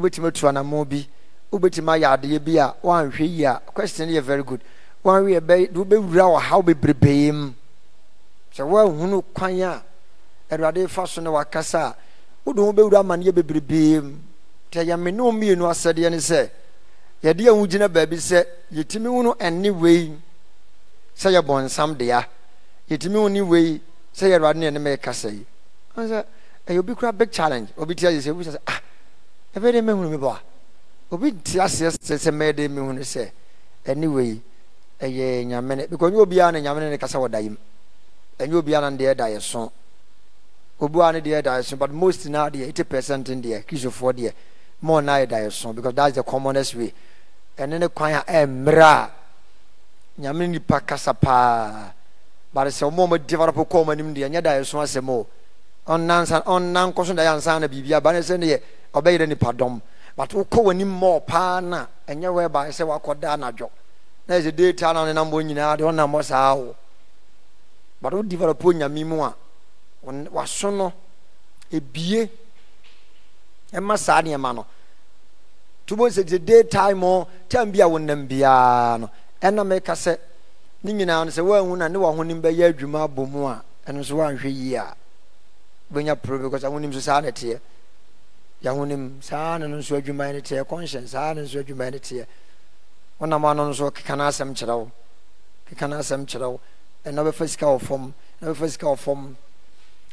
wobɛtumi atu anamo bi wobɛtumi ayɛ adeɛ bi a woanhwɛ yi a question yɛ very good woanhwɛ bɛ wobɛwura ɔhaw bebrebee mu sɛ woahunu kwan a awurade fa so ne wakasa a wode ho bɛwura amanneɛ bebrebee mu nti ɛyɛ me ne wo mmienu asɛdeɛ ne sɛ yɛde ɛho gyina baabi sɛ yɛtumi hunu ɛne wei sɛ yɛ bɔnsam dea yɛtumi hunu ne wei sɛ yɛ awurade ne ɛne mɛkasa yi sɛ ɛyɛ obi kora big challenge obi tia yɛ sɛ obi sɛ ah ɛbɛyɛ dɛ mehunu mi bɔ a obi ti aseɛ sɛ sɛ mɛyɛ dɛ mehunu sɛ ɛniwe yi ɛyɛ nyamene because nyɛ obiara na nyamene ne kasa wɔ da yi mu ɛnyɛ obiara na deɛ da yɛ so obiara ne deɛ da yɛ so but most na deɛ eighty percent deɛ kristofoɔ deɛ more na yɛ da yɛ so because that is the commonest way ɛne ne kwan a ɛmmerɛ a nyamene nipa kasa paa but sɛ wɔn a develop kɔn mu anim deɛ nyɛ da yɛ so asɛm o. ɔnansa ɔnan kɔso da yɛ ansa na biribi aba ne sɛ ne yɛ ɔbɛyɛ dɔm nipadɔm but wokɔ w'anim mɔɔ paa na ɛnyɛ wɔ ɛba sɛ wakɔ da anadwo na yɛ sɛ deeta na ɔnenam bɔ nyinaa de ɔnam bɔ saa wo but wo develop nyame mu a waso no ebie ɛma e saa nneɛma no tubo sɛ sɛ day time o time bi a wonam biara no ɛna e meka sɛ ne nyinaa no sɛ na ne wahonim bɛyɛ adwuma abɔ mu a ɛno e nso woanhwɛ yie a bɛnya pro because ahonim so saa ne teɛ yɛahonim saa ne no nso adwuman ne teɛ conscience saa ne nso adwuman ne teɛ wonam ano nso keka no asɛm kyerɛ wo keka no asɛm kyerɛ wo ɛna wobɛfa sika wɔ fam na wobɛfa sika wɔ fam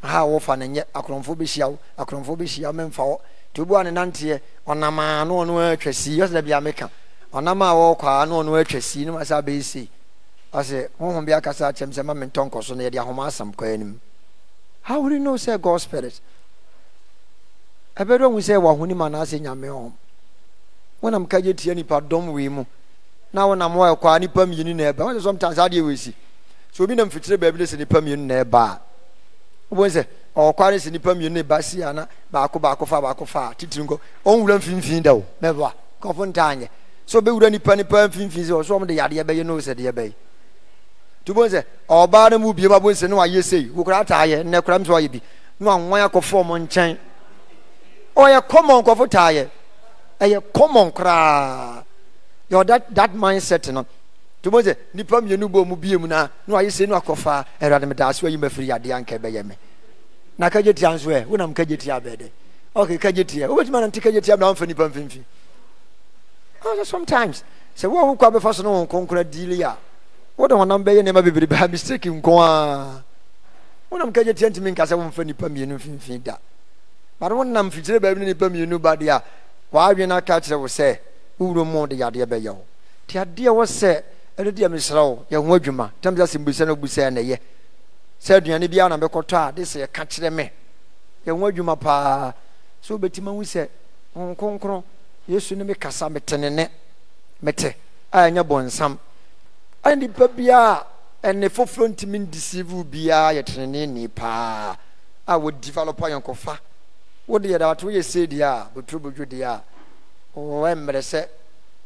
ha wofa ne nyɛ akorɔmfo bɛhyia wo akorɔmfo bɛhyia wo memfa wɔ nti wobu ne nanteɛ ɔnam a na ɔno atwa sii ɔsɛ da bia meka ɔnam a wɔkɔ a na ɔno atwa sii no ma sɛ abɛyɛ sei ɔsɛ honhom bi akasa akyɛm sɛ ma mentɔ nkɔ so na yɛde ahoma asɛm kɔ anim how would you know Say god spirit ɛbɛdɛ hu sɛ wahonim anaasɛ nyame ɔm wonam ka gye tia nipa dɔm wei mu na wonam wɔ ɛkɔa nipa mmienu na ɛba wosɛ sometimes adeɛ wɔsi sɛ obi nam fitire baabi ne sɛ nipa mmienu na ɛba a wobɛhu sɛ ɔkɔa ne sɛ nipa mmienu na ɛba si ana baako baako fa baako fa titiri nkɔ ɔnwura mfimfini da o mɛboa kɔfo ntaanyɛ sɛ obɛwura nipa nipa mfimfini sɛ ɔsɛ ɔm de yadeɛ bɛyɛ ne wo bɛyɛ to bɔ sɛ ɔbaa no mu bie ba bɔ sɛ ne wa yɛ sei wokura ata ayɛ nnɛ kura nso ayɛ bi ne wa nwan akɔ fɔm nkyɛn ɔyɛ kɔmɔn kɔfo taa yɛ ɛyɛ kɔmɔn koraa yɛ ɔda that mindset no to bɔ sɛ nipa mmienu bɔ mu bie mu na ne wa yɛ sei ne wa kɔ ah, fa ɛwurade mi daa so ayi ma firi yadeɛ anka ɛbɛyɛ mi na kagye tia nso yɛ wonam kagye tia bɛɛ dɛ ɔkè kagye tia wobɛtumi anante kagye na ɔmfa nipa mfimfini sometimes sɛ wo a wokɔ abɛfa so ne wɔn nkɔnkora wode honam bɛyɛ nneɛma bebree baa mistake nko a wonam kagye tia ntimi nka sɛ womfa nnipa mmienu mfimfini da bare wonam fitire baabi ne nnipa mmienu ba deɛ a waadwe no aka kyerɛ wo sɛ wowuro mu de yadeɛ bɛyɛ wo nti adeɛ wɔ sɛ ɛno deɛ mesrɛ wo yɛho adwuma tam sɛ asɛmbusa no busa ɛnɛyɛ sɛ aduane biara na mɛkɔtɔ a de sɛ yɛka kyerɛ me yɛho adwuma paa sɛ wobɛtumi hu sɛ honkonkron yesu ne mekasa metenene mete a ɛnyɛ bɔnsam ɛyɛ nipa biara ɛne foforɔ ntumi ndisivu biara yɛ teneneeni paa a wɔdi falɔpa yɔnkofa wɔde yɛ dawate wɔyɛ se deɛ a boturo bodwo deɛ a wɔyɛ mmerɛ sɛ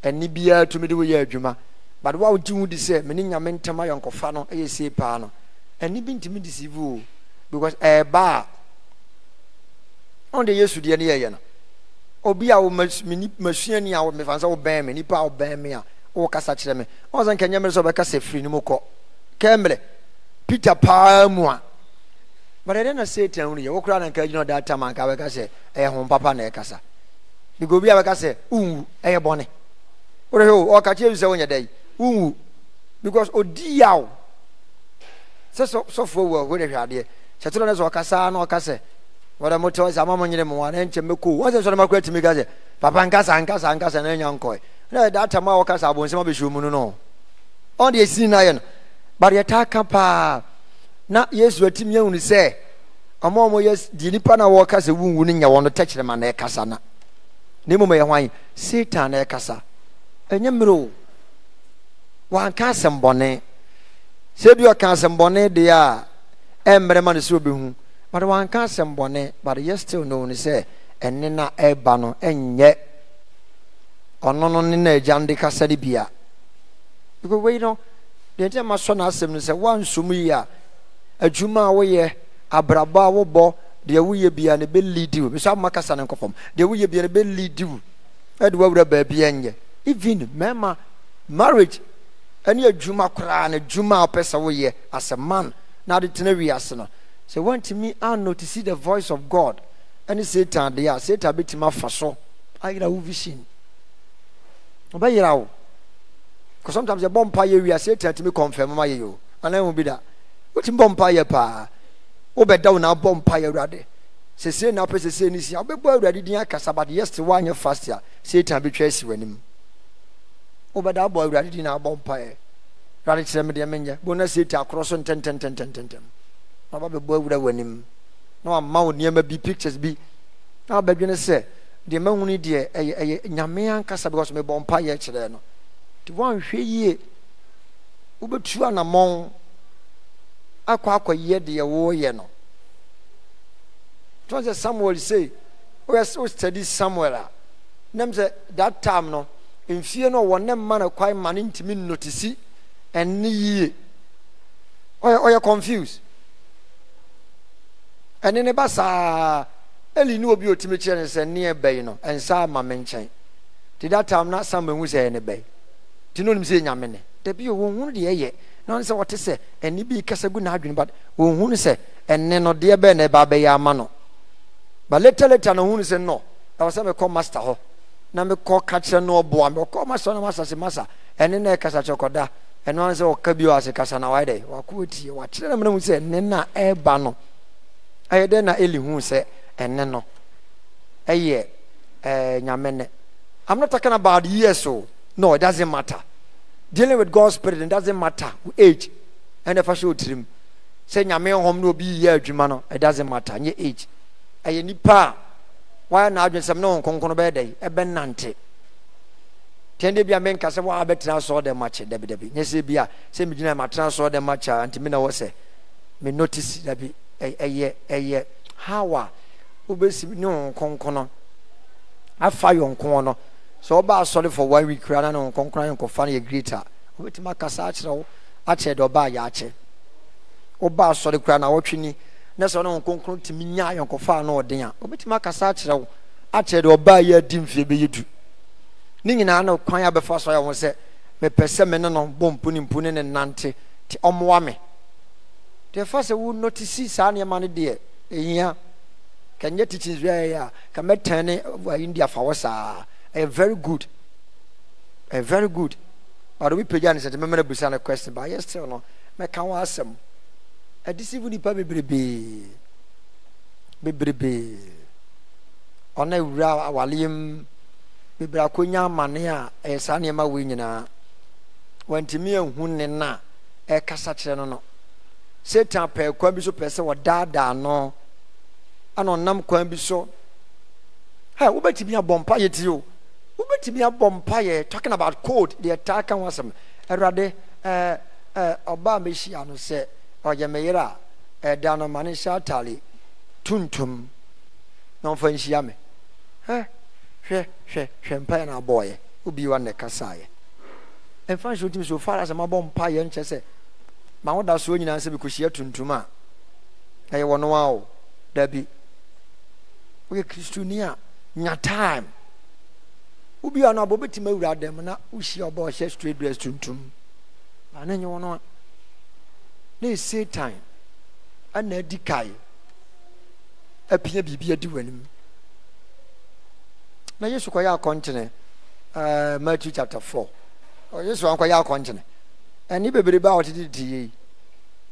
ɛni biara tumi de wɔyɛ adwuma but wɔn a wɔgye ho di sɛ mene nyame ntam ayɔnkofa no ɛyɛ se paa no ɛni bi ntumi ndisivu o because ɛɛba a ɔn de yesu deɛ ne yɛyɛ no obi a wɔ masuani a wɔmɛfa sɛ wɔbɛn mi nipa a wɔbɛn mi a wokasa kyerɛ me ɔsɛ nka nyɛ mmere sɛ wobɛkasa firi no mu kɔ kɛmmerɛ peter paa mu a but ɛdɛ na satan wunu yɛ wokora na nka gyina ɔda tam anka bɛka sɛ ɛyɛ ho papa na ɛkasa because obi a bɛka sɛ wonwu ɛyɛ bɔne wodɛ o ɔka kyerɛ bi sɛ wonyɛ dɛ wonwu because odi yaw sɛ sɔfoɔ wu ahɔ dɛ adeɛ kyɛtoro no sɛ ɔkasa na ɔka sɛ wɔdɛ motɔ sɛ ama mo nyere mo wa na nkyɛ mɛkɔ wɔsɛ sɔre makɔ atumi ka sɛ papa nkasa nkasa nkasa na ɛnya nkɔe na that time a wɔka sɛ abɔnsɛm abɛhyɛ mu no no ɔn deɛ ɛsini no ayɛ no but yɛtaa ka paa na yesu atumi ahunu sɛ ɔma ɔmo yɛ deɛ nipa no a wɔka sɛ wunwu no nyɛ wɔn no tɛkyerɛma na ɛkasa na na mmom ɛyɛ hwan satan na ɛkasa ɛnyɛ mmerɛ o wanka asɛm bɔne sɛ bi ɔka asɛm bɔne deɛ a ɛmmerɛ ma no sɛ obɛhu but wanka asɛm bɔne but yɛ still no ne sɛ ɛne na ɛba no ɛnyɛ ɔno no ne na agya de kasa no bia because wei no deɛ nti ma sɔ n'asɛm no sɛ woansom yi a adwuma a woyɛ abrabɔ a wobɔ deɛ woyɛ bia no bɛlidi wo bisɛ ama kasa no nkɔ fam deɛ woyɛ bia no bɛlidi wo ɛde woawura baabi ɛnyɛ even mmarima marriage ɛne adwuma koraa no adwuma a wopɛ sɛ woyɛ as a man na ade tena wiase no sɛ woantumi anno to see the voice of god ɛne satan deɛ a satan bɛtumi afa so ayera wo vision ɔbɛyera wo because sometimes yɛbɔ mpa yɛ wia satan tumi kɔnfɛm ma yɛ yio anan mu bi da wotumi bɔ mpa yɛ paa wobɛda wo na abɔ mpa yɛ awurade sese na apɛ sese ni si wobɛbɔ awurade din akasa but yesterday woanyɛ fast a satan bi twa asi w'anim wobɛda abɔ awurade din na abɔ mpa yɛ awurade kyerɛ me deɛ menyɛ bo na satan akorɔ so ntɛntɛntɛntɛntɛm na wabɛbɔ awura w'anim na wama wo nneɛma bi pictures bi na wabɛdwene sɛ deɛ mahunu deɛ ɛyɛ ɛyɛ nyame ankasa because mebɔ mpa yɛ kyerɛ no nti woanhwɛ yie wobɛtu anammɔn akɔ akɔyɛ deɛ woyɛ no tɔn sɛ samuel sei woyɛ wo study samuel a nam sɛ that time no mfie no ɔwɔ ne mma no kwan ma no ntumi nnotisi ɛne yie ɔyɛ ɔyɛ confused ɛne ne ba saa eli ni obi otimi kyerɛ ne sɛ neɛ bɛyi no nsa ama me nkyɛn te that time na sam ehu sɛ ɛne bɛyi te no nim sɛ nyame ne dabi o wɔn ho deɛ yɛ na wɔn sɛ wɔte sɛ ɛni bi kasa gu n'adwene but wɔn ho sɛ ɛne no deɛ bɛyɛ na ɛba abɛyɛ ama no Ba later later na wɔn sɛ no ɛwɔ sɛ mɛkɔ master hɔ na mekɔ ka kyerɛ no ɔboa me ɔkɔ master na master sɛ master ɛne na ɛkasa kyɛ kɔda ɛno ara sɛ ɔka bi ɔase kasa na wayɛ dɛ wakɔ etie wakyerɛ na mene sɛ ɛne na ɛɛba no ɛyɛ dɛ na eli ho sɛ ɛne no ɛyɛ eh, nyame ne i'm not talking about years o oh. no it doesn't matter dealing with god's spirit it doesn't matter age ɛna ɛfa so tirim sɛ nyame hɔm na obi yɛ adwuma no it doesn't matter nye age ɛyɛ nipa a wayɛ na adwene sɛm ne wɔn nkonkono bɛyɛ dɛ ɛbɛnante tiɛn de bi a mɛ nka sɛ waa bɛtena sɔɔ dɛ makyɛ dɛbi dɛbi nye sɛ bi a sɛ mi gyina ma tena sɔɔ dɛ makyɛ a ntumi na wɔ sɛ mi notice dɛbi ɛyɛ ɛyɛ how a. wobɛsi ne wo afa yɔnko no sɛ asɔre one week kura na ne no yɛ a wobɛtumi akasa akyerɛ wo akyerɛ deɛ ɔba woba kura na wɔtwe ni na sɛ ɔne tumi nya ayɔnkɔfa no ɔden a wobɛtumi akasa akyerɛ wo akyerɛ deɛ ɔba adi mfie bɛyɛ du ne nyinaa kwan abɛfa so ayɛ ho sɛ mepɛ sɛ me ne no bɔ ne ne nante te me deɛ fa sɛ wo saa nneɛma Can you teach us where a ka mɛtɛn ne ayi ndi afa wɔ saa ɛyɛ very good a very good ɔde we pagya ne sɛ mɛmɛ na busa ne question But ayɛ still no mɛka wɔn asɛm ɛde si bu nipa bebrebee bebrebee ɔna ewura awaleɛ awalim, bebree akonya amane a ɛyɛ eh, saa nneɛma wɔ nyinaa wɔntumi ehu ne na eh, kasa kyerɛ no no setan pɛɛ kwan bi so pɛɛ sɛ wɔdaadaa no ana ɔnam kwan bi so ha wobɛtumi abɔ mpa yɛ ti o wobɛtumi abɔ mpa yɛ talking about cold deɛ taa ka ho asɛm awurade ɛɛ ɛɛ ɔbaa mehyia no sɛ ɔyɛ me yere a ɛda no ma ne hyɛ atare tuntum na ɔmfa nhyia me hɛ hwɛ hwɛ hwɛ mpa yɛ no abɔɔyɛ obi wa nnɛ kasaeɛ ɛmfa nhyɛ wotumi so fara sɛ mabɔ mpa yɛ nkyɛ sɛ ma woda soɔ nyinaa sɛ bikɔhyia tuntum a ɛyɛ wɔ no a o dabi woyɛ kristoni a nya time wobi a no abɔ wobɛtumi awura dɛm na wohyia ɔbɛ ɔhyɛ straight dress tuntum baa ne nyɛ wo no a na ɛsee time ɛna adi kae apia biribi adi w'anim na yesu kɔyɛ akɔnkyene uh, matthew chapter four. yesu ankɔyɛ akɔnkyene ɛne bebrebe a wɔtete teyei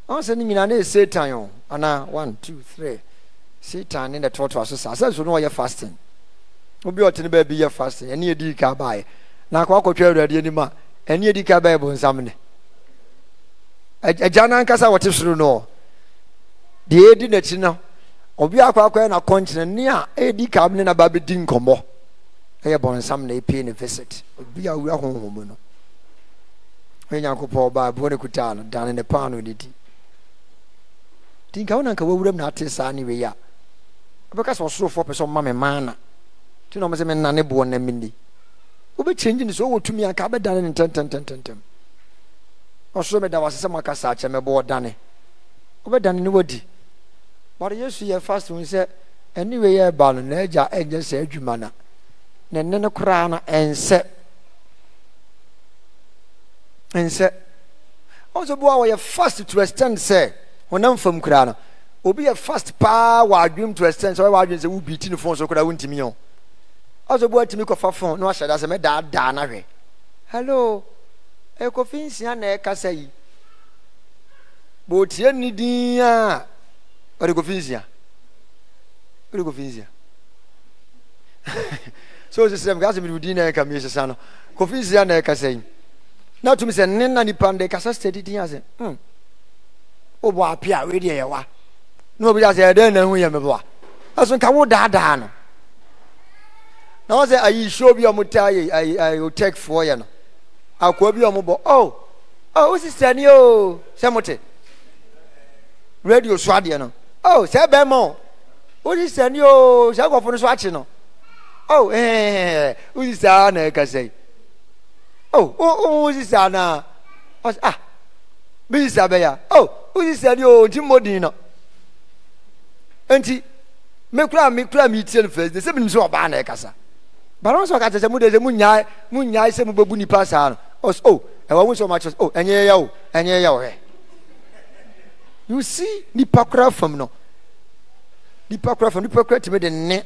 ɔn sɛ no nyinaa na ɛsee time o anaa 1 2 3 satan ne na totoa so saa sɛnso no ɔyɛ fasting obi ɔte ne baabi yɛ fasting ɛne edi ka baeɛ na akɔ akɔtwa awurade anim a ɛne edi ka baeɛ bonsam ne agya no ankasa wɔte soro no deɛ edi n'akyi no obi akɔ akɔyɛ n'akɔnkyerɛ ne a edi ka ne na ba bɛdi nkɔmmɔ ɛyɛ bɔnsam na epie ne visit obi a owura honhom mu no ɔyɛ nyankopɔn ɔbaa ɛboɔ ne kutaa no dane ne paano ne di nti nka wo na nka wawuram na ate saa ne wei a bɛka sɛ ɔsorofoɔ pɛ sɛ ɔma me maana nti na ɔmo sɛ me nane boɔ na me ni wobɛkyɛngye ne sɛ ɔwɔ tumi anka abɛdane ne ntɛmtɛmtɛmtɛm ɔsoro meda wase sɛ maka saa kyɛ mɛbɔ ɔdane wobɛdane ne wadi but yesu yɛ fast hu sɛ ɛne wei yɛ ba no naagya ɛnyɛ saa adwuma no ne nne no koraa no ɛnsɛ ɛnsɛ ɔsɛ bi a wɔyɛ fast to extend sɛ honam fam koraa no obi yɛ fast paa wɔ adwene to extent sɛ ɔyɛ adwene sɛ wo ti ne phone so koraa wontumi yɛn ɔsɛ bo atumi kɔfa phone na wahyɛ da sɛ mɛdaadaa na hwɛ hello ɛkɔfi nsia na ɛkasa yi bɔɔtie ni din a ɔde kɔfi nsia ɔde kɔfi nsia so sisɛ mu kasa mi di na ɛka mi sisa no kɔfi nsia na ɛkasa yi na tumi sɛ ne na nipa no de kasa steady din ase hmm o bɔ apia wei deɛ yɛ wa na obi asɛ ɛdɛn na ehu yɛ mi bua ɛso nka wo daadaa no na wɔn sɛ ayi show bi a wɔn ta ayi ayi ayi otek foɔ yɛ no akoa bi a wɔn bɔ ɔɔ ɔɔ osi sani oo sɛ mo te radio so adeɛ no ɔɔ sɛ bɛrima o osi sani oo sɛ nkɔfo no so akyi no ɔɔ ɛɛɛ osi saa na ɛkasa yi ɔɔ ɔɔ osi saa na ɔsi ah bi sisa bɛya ɔɔ osi sani oo nti mo din no nti me kura me kura me tie no first day sɛ menim sɛ ɔbaa na ɛkasa bana sɛ ɔka kyɛ sɛ mode sɛ monyae monyae sɛ mobɛbu nipa saa no ɔs o oh, ɛwɔ wo sɛ ɔmakyerɛ sɛ o oh, ɛnyɛ yɛ wo ɛnyɛ yɛ wo hɛ you see nipa kora fam no nipa kora fam nipa kora tumi de nne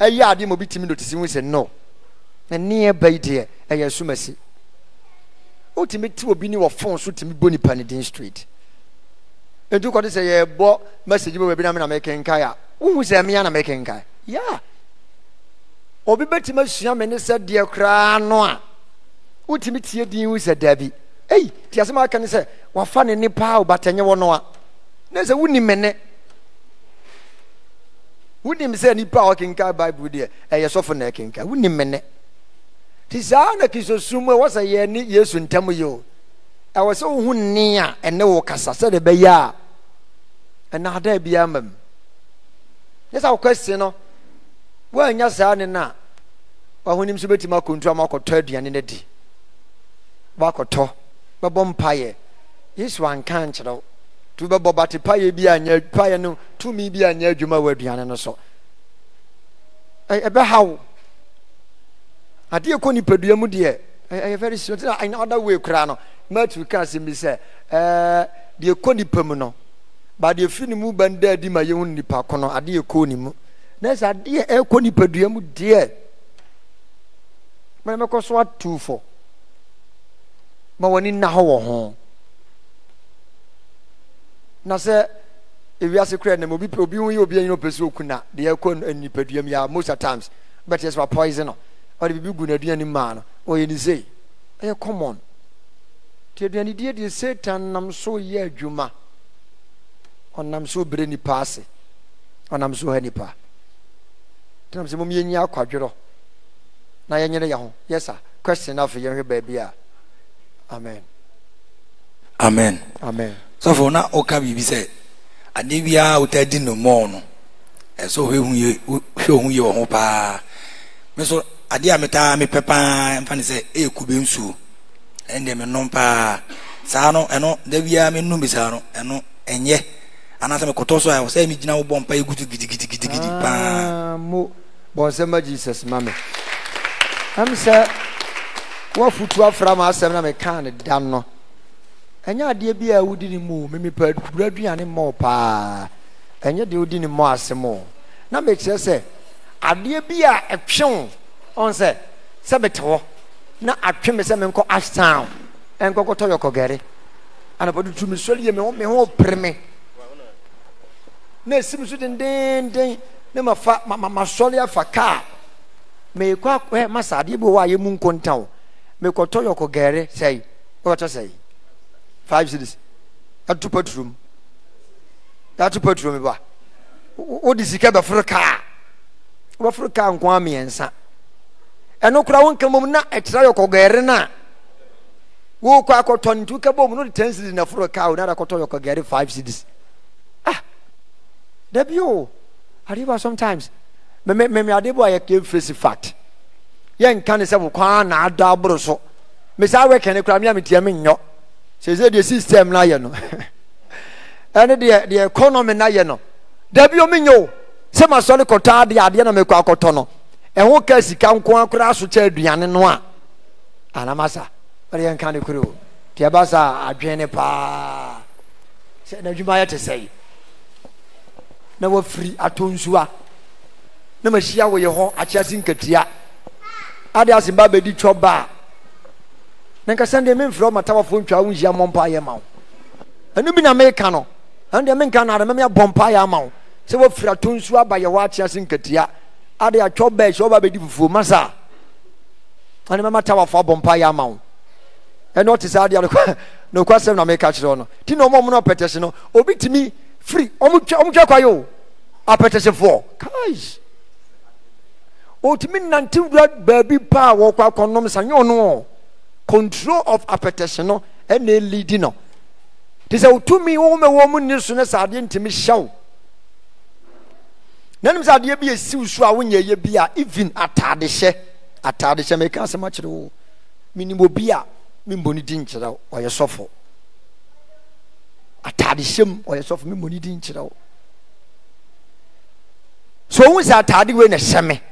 ɛyɛ adeɛ ma obi tumi de otisi ho sɛ no ɛne ɛba yi deɛ ɛyɛ sumasi wotumi te obi ne wɔ fon so tumi bɔ nipa ne din straight nti kɔde sɛ yɛbɔ message bi baabi na mena mekenkae a wohu sɛ mea na mekenkae ya obi bɛtumi asua me ne sɛ deɛ koraa no a wotumi tie din wu sɛ daabi ei nti asɛm aka ne sɛ wafa ne nipa a wobatɛnyɛ wɔ no a na sɛ wonim me ne wonim sɛ nipa a ɔkenkae bible deɛ ɛyɛ sɔfo na ɛkenkae wonim me ne nti saa na kisosum mu a wɔsɛ yɛne yesu ntam yi o ɛwɔ sɛ wohu nne a ɛne wo kasa sɛde bɛyɛ a ɛna adaa bi ama mu nyɛ sɛ akɔkɔ si no woanya saa ne no a wahonim so bɛtumi akɔntua ma akɔtɔ aduane no di woakɔtɔ bɛbɔ mpayɛ yesu anka nkyerɛ wo nti wobɛbɔ bate payɛ bi anyɛ payɛ no tumi bi anyɛ adwuma wɔ aduane no so ɛbɛha wo adeɛ kɔ nipadua mu deɛ ɛyɛ very serious ntina another way koraa no matthew kaa sɛm bi sɛ deɛ kɔ nipa mu no baade efi ne mu ban da di ma yɛn nipa ko no adeɛ kɔ ne mu na sɛ adeɛ ɛkɔ nipadua mu deɛ mɛ mɛkɔ so atu fɔ ma wɔn na hɔ wɔ ho na sɛ ewiase kura nam obi obi ho yɛ obi anyina opɛ sɛ oku na deɛ ɛkɔ nipadua mu ya most of times bɛtɛ sɛ wa poison no ɔde bibi gu n'aduane ne maa no ɔyɛ ne sei eh, ɛyɛ common te aduane die deɛ satan nam so yɛ adwuma. ɔnam so bere nipa ase ɔnam so ha nipa tenam sɛ mom yɛnyi akwadwerɔ na yɛnyere yɛ ho yes a question no afei yɛnhwɛ baabi a amen amen amen sɔfo na woka biribi sɛ adeɛ biara wota di no mmɔɔ no ɛsɛ hwɛ ohu yɛ wɔ ho paa me so adeɛ a metaa mepɛ paa mfa ne sɛ ɛyɛ kube nsuo ɛndeɛ menom paa saa no ɛno da biara menom bi no ɛno ɛnyɛ anaasɛ mekɔtɔ so a sɛ megyina wo bɔ mpa yɛ gutu gidigidigidi paa ah, mo bɔnsɛm a jesus ma me ɛm sɛ woafotu afra ma asɛm na mekaa ne da no ɛnyɛ adeɛ bi a wodi ne mu memepa bura aduane mmɔ paa ɛnyɛ deɛ wodi ne mmɔ asɛm o na mekyerɛ sɛ adeɛ bi a ɛtwe wo ɔn sɛ sɛ mete hɔ na atwe me sɛ menkɔ ashtown ɛnkɔkɔtɔ yɔkɔgɛre anapa tutu mesɔre yɛ me ho pere me na esim so dendenden na ma fa ma ma sɔre afa kaa mɛkɔ akɔ ɛ masa adeɛ bi wɔ a yɛ nkontan o mɛkɔtɔ yɔkɔ gɛrɛ sɛyi wɔtɔ sɛyi five cities ɛtu paturo mu ɛtu paturo mu ba wodi sika bɛforo kaa wobɛforo kaa nkoa mmiɛnsa ɛno koraa wo nka mmom na ɛkyerɛ yɔkɔ gɛrɛ na wokɔ akɔtɔ nti wokɛbɔ mu no de ten cities na foro kaa o na adakɔtɔ yɔkɔ gɛrɛ five cities dabi o adewa sometimes mɛmɛ mɛmɛ adebo a yɛ kɛ efirisi fact yɛ nka ne sɛ kwan na ada aboro so mesia awɛ kɛnɛ kura mi a mi tia mi nyɔ sese deɛ system na yɛ no ɛne deɛ deɛ economy na yɛ no dabi o mi nyɛ o sɛ ma sɔ kɔtɔ adeɛ adeɛ na ma kɔ akɔtɔ no ɛho ka sika nko akora aso kyɛ aduane no a anamasa ɔde yɛ nka ne kuro o deɛ ba sa adwene paa sɛ n'adwuma yɛ te sɛ yi na wafiri ato nsuwa na mahyia wɔyɛ hɔ akyi ase nkatia ade ase mba abɛdi twɔ baa na nkasa deɛ memfrɛ ɔma tawafoɔ ntwa wo nhyia mmɔ mpa yɛ ma wo ɛno bi na meka no ɛno deɛ menka no adama meabɔ mpa yɛ ama wo sɛ wafiri ato nsuo aba yɛ hɔ akye nkatia ade atwɔ baa hyɛ wɔba abɛdi fufuo ma saa mɛma tawafoɔ abɔ mpa ama wo ɛno ɔte saa adeɛ nokwasɛm na meka kyerɛ no nti na ɔma ɔmo no ɔpɛtɛhye no obi tumi firi ɔmotwa kwaeɛ o apɛtɛsɛfoɔ kaes ɔtumi nante wura baabi paa wɔkɔ akɔnom sa nyɛ ɔno control of apɛtɛsɛ no ɛna ɛlidi no te sɛ wotumi woma wɔ mu nni so ne sɛ adeɛ ntumi hyɛ wo na nim sɛ adeɛ bi ɛsiw so a wonyɛ yɛ bi a even atadehyɛ atadehyɛ meka asɛm akyerɛ wo menim obi a membɔ ne din kyerɛ wo ɔyɛ sɔfo atadehyɛ m ɔyɛ sɔfo membɔ ne din kyerɛ wo so ohun sɛ ataade wei na ɛhyɛ me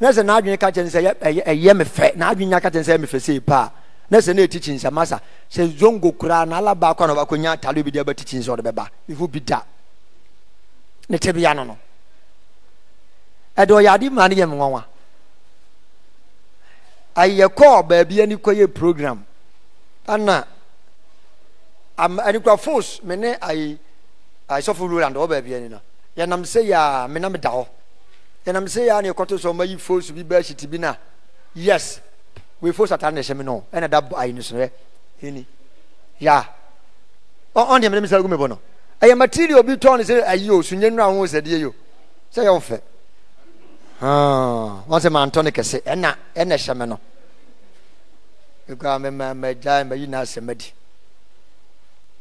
na sɛ n'adwene ka kyerɛ sɛ ɛyɛ me fɛ n'adwene ka kyerɛ sɛ ɛyɛ me fɛ sɛ paa na sɛ n'eti kyi nsɛm asa sɛ zongo koraa na ala baako na ɔbaako nya ataade bi de ɛbɛti kyi nsɛm ɔde bɛba ihu bi da ne te bi ano no ɛde eh, ɔyɛ ade maa ne yɛ nwanwa ayɛ eh, kɔɔ baabi ani kɔ yɛ program ɛna am ɛnikura eh, fos me ne ayi ayisɔfo lura ndo ɔbaabi ani na yɛnam sɛ yɛ a menam da hɔ yɛnam sɛ yɛ a ne yɛkɔto sɛ ɔma yi fosu bi bɛɛ hyete bi na yes wei fosu atare na ɛhyɛ me no ɛna da ayi no sorɛ ɛni eh? ya ɔn deɛ mede mesɛ agu me bɔ no ɛyɛ material bi tɔn ne sɛ ayi o sunyɛ nnura ho sɛ deɛ yo sɛ yɛwo fɛ wɔn ah, sɛ mantɔ no kɛse ɛna ɛna ɛhyɛ me no ɛkura e mɛgyae mayi na asɛm adi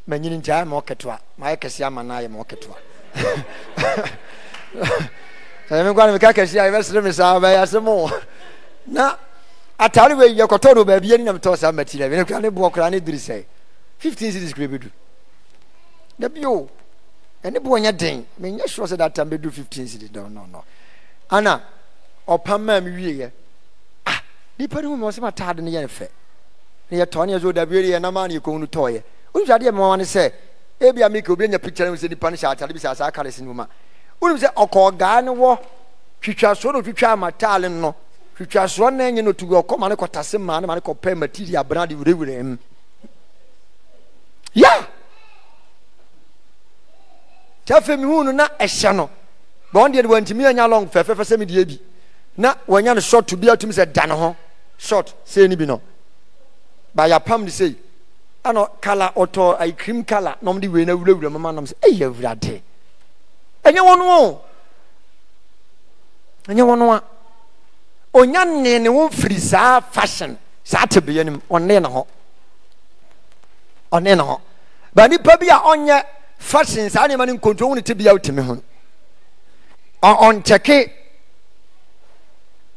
manyini nti ayɛ ma ɔketewa maayɛ kɛse ama no ayɛ ma ɔketewa ɛmi kwan mi ka kɛse a yɛbɛsere mi saa bɛyɛ asɛm o na atare wei yɛ kɔtɔ no baabi yɛn nam tɔ saa mɛti na bi ne kura ne boɔ kura ne diri sɛ fifteen cities kura bi du na bi o ɛne boɔ nyɛ den mɛ nyɛ sure sɛ data bɛ du fifteen cities dɔn no no ana ɔpam maa mi wie yɛ ah nipa ne mu ma ɔsɛ ma taade ne yɛn fɛ ne yɛ tɔ ne yɛ so dabi yɛ nam a ne yɛ kɔn no tɔ yɛ o nsu adeɛ mɛ wɔn ne sɛ ebi a mike obi anya picture ne ho sɛ nipa no hyɛ atade bi sɛ asaa kare si ne mu ma wonim sɛ ɔkɔɔgaa ne wɔ twitwasoɔ no twitwa amataale no twitwasoɔ no nyɛ no ɔtugu ɔkɔ ma ne kɔtase maa ne ma ne kɔpɛ material bena de werɛwerɛ mu ya nti afei mehu no na ɛhyɛ no bɔn deɛ de wantumi anya long fɛfɛɛfɛ sɛ medeɛ bi na wanya no short bi atumi sɛ da ne ho short sei ne bi no bayapam ne sei ɛna kala ɔtɔ ayi cream kala na wɔn de wei na wurawura mama nam sɛ ɛyɛ awurade ɛnyɛ wɔn o ɛnyɛ wɔn a onya nneene wo firi saa fashion saa tebea no mu ɔne na hɔ ɔne na hɔ ba nipa bi a ɔnyɛ fashion saa nneɛma no nkontrol ne tebea wotumi ho ɔnkyɛke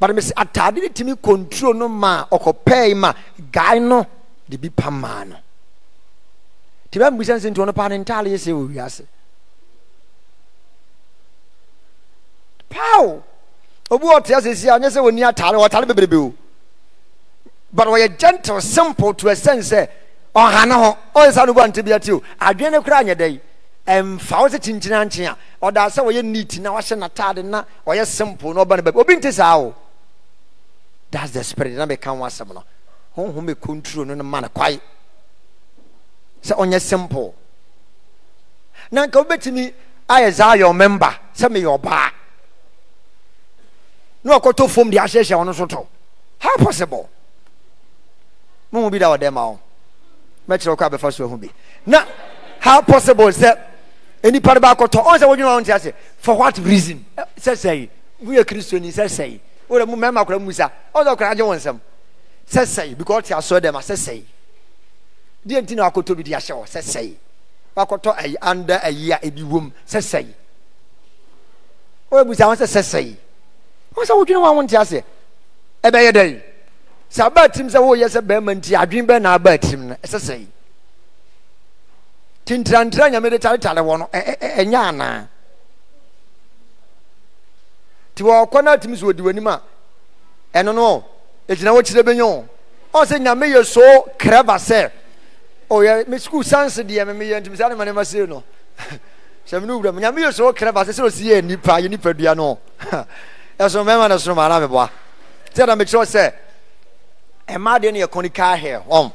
bàtàmì sè ataade ne tìmi kòntúrò no ma ọkọ pẹ́ẹ́ ma gàá no de bi pa maa no nti bɛmbisa nsɛ nti ɔno paa ne ntaale yɛ sɛ wɔ wiase paw obi ɔte asɛsi a nyɛ sɛ wɔni atare wɔtare bebrebe o but wɔyɛ gentle simple to a sense sɛ ɔhane ho ɔyɛ saa no bɔ ante biate o adwene no koraa nyɛ dɛ ɛmfa wo sɛ kyinkyina nkye a ɔdaa sɛ wɔyɛ neat na wahyɛ n'atade na ɔyɛ simple na ɔba no baabi obi nte saa o that's the spirit na meka ho asɛm no honhom ɛkɔnturo no no ma no kwae sɛ ɔnyɛ simple na nka wobɛtumi ayɛ saa yɛ member sɛ meyɛ ɔbaa na wakɔtɔ fam de ahyehyɛ wo no so tɔ how possible mumu bi da ɔdɛ ma wo mɛkyerɛ wokɔ abɛfa so ahu bi na how possible sɛ nipa de baakɔtɔ ɔn sɛ wodwene wo nte ase for what reason sɛ sɛi woyɛ kristoni sɛ sɛi wodɛ mu mɛma kora mu sa ɔn sɛ kora agye wo nsɛm sɛ sɛi because ɔte asɔ dɛm a sɛ sɛi deɛ nti na wakɔtɔ bi de ahyɛ hɔ sɛ sɛe wakɔtɔ ayi anda ayi a ebi wom sɛ sɛe wɔabusa wɔn sɛ sɛ sɛe wɔn sɛ wotwene wɔn nte aseɛ ɛbɛyɛ dɛ sɛ aba tirim sɛ wɔyɛ sɛ bɛrima nti adwene bɛ na aba tirim no ɛsɛ sɛe tintirantira nyame de taretare wɔ no ɛnyɛ anaa nti wɔkɔ no atumi so wɔdi w'anim a ɛno no ɛgyina wɔkyerɛ bɛnyɛ wo ɔn sɛ nyame yɛ so krɛva sɛ Oh ɔyɛ me sukuu sanse deɛ me meyɛ ntumi saa ne ma ne ma se no sɛm ne wura mu nyame yɛ soro kra ba sɛ sɛ ɔsi yɛ nipa yɛ nipadua no ɛsoro mɛma ne soro maana meboa sɛ na mekyerɛ sɛ ɛmaa deɛ no yɛ conical hair ɔm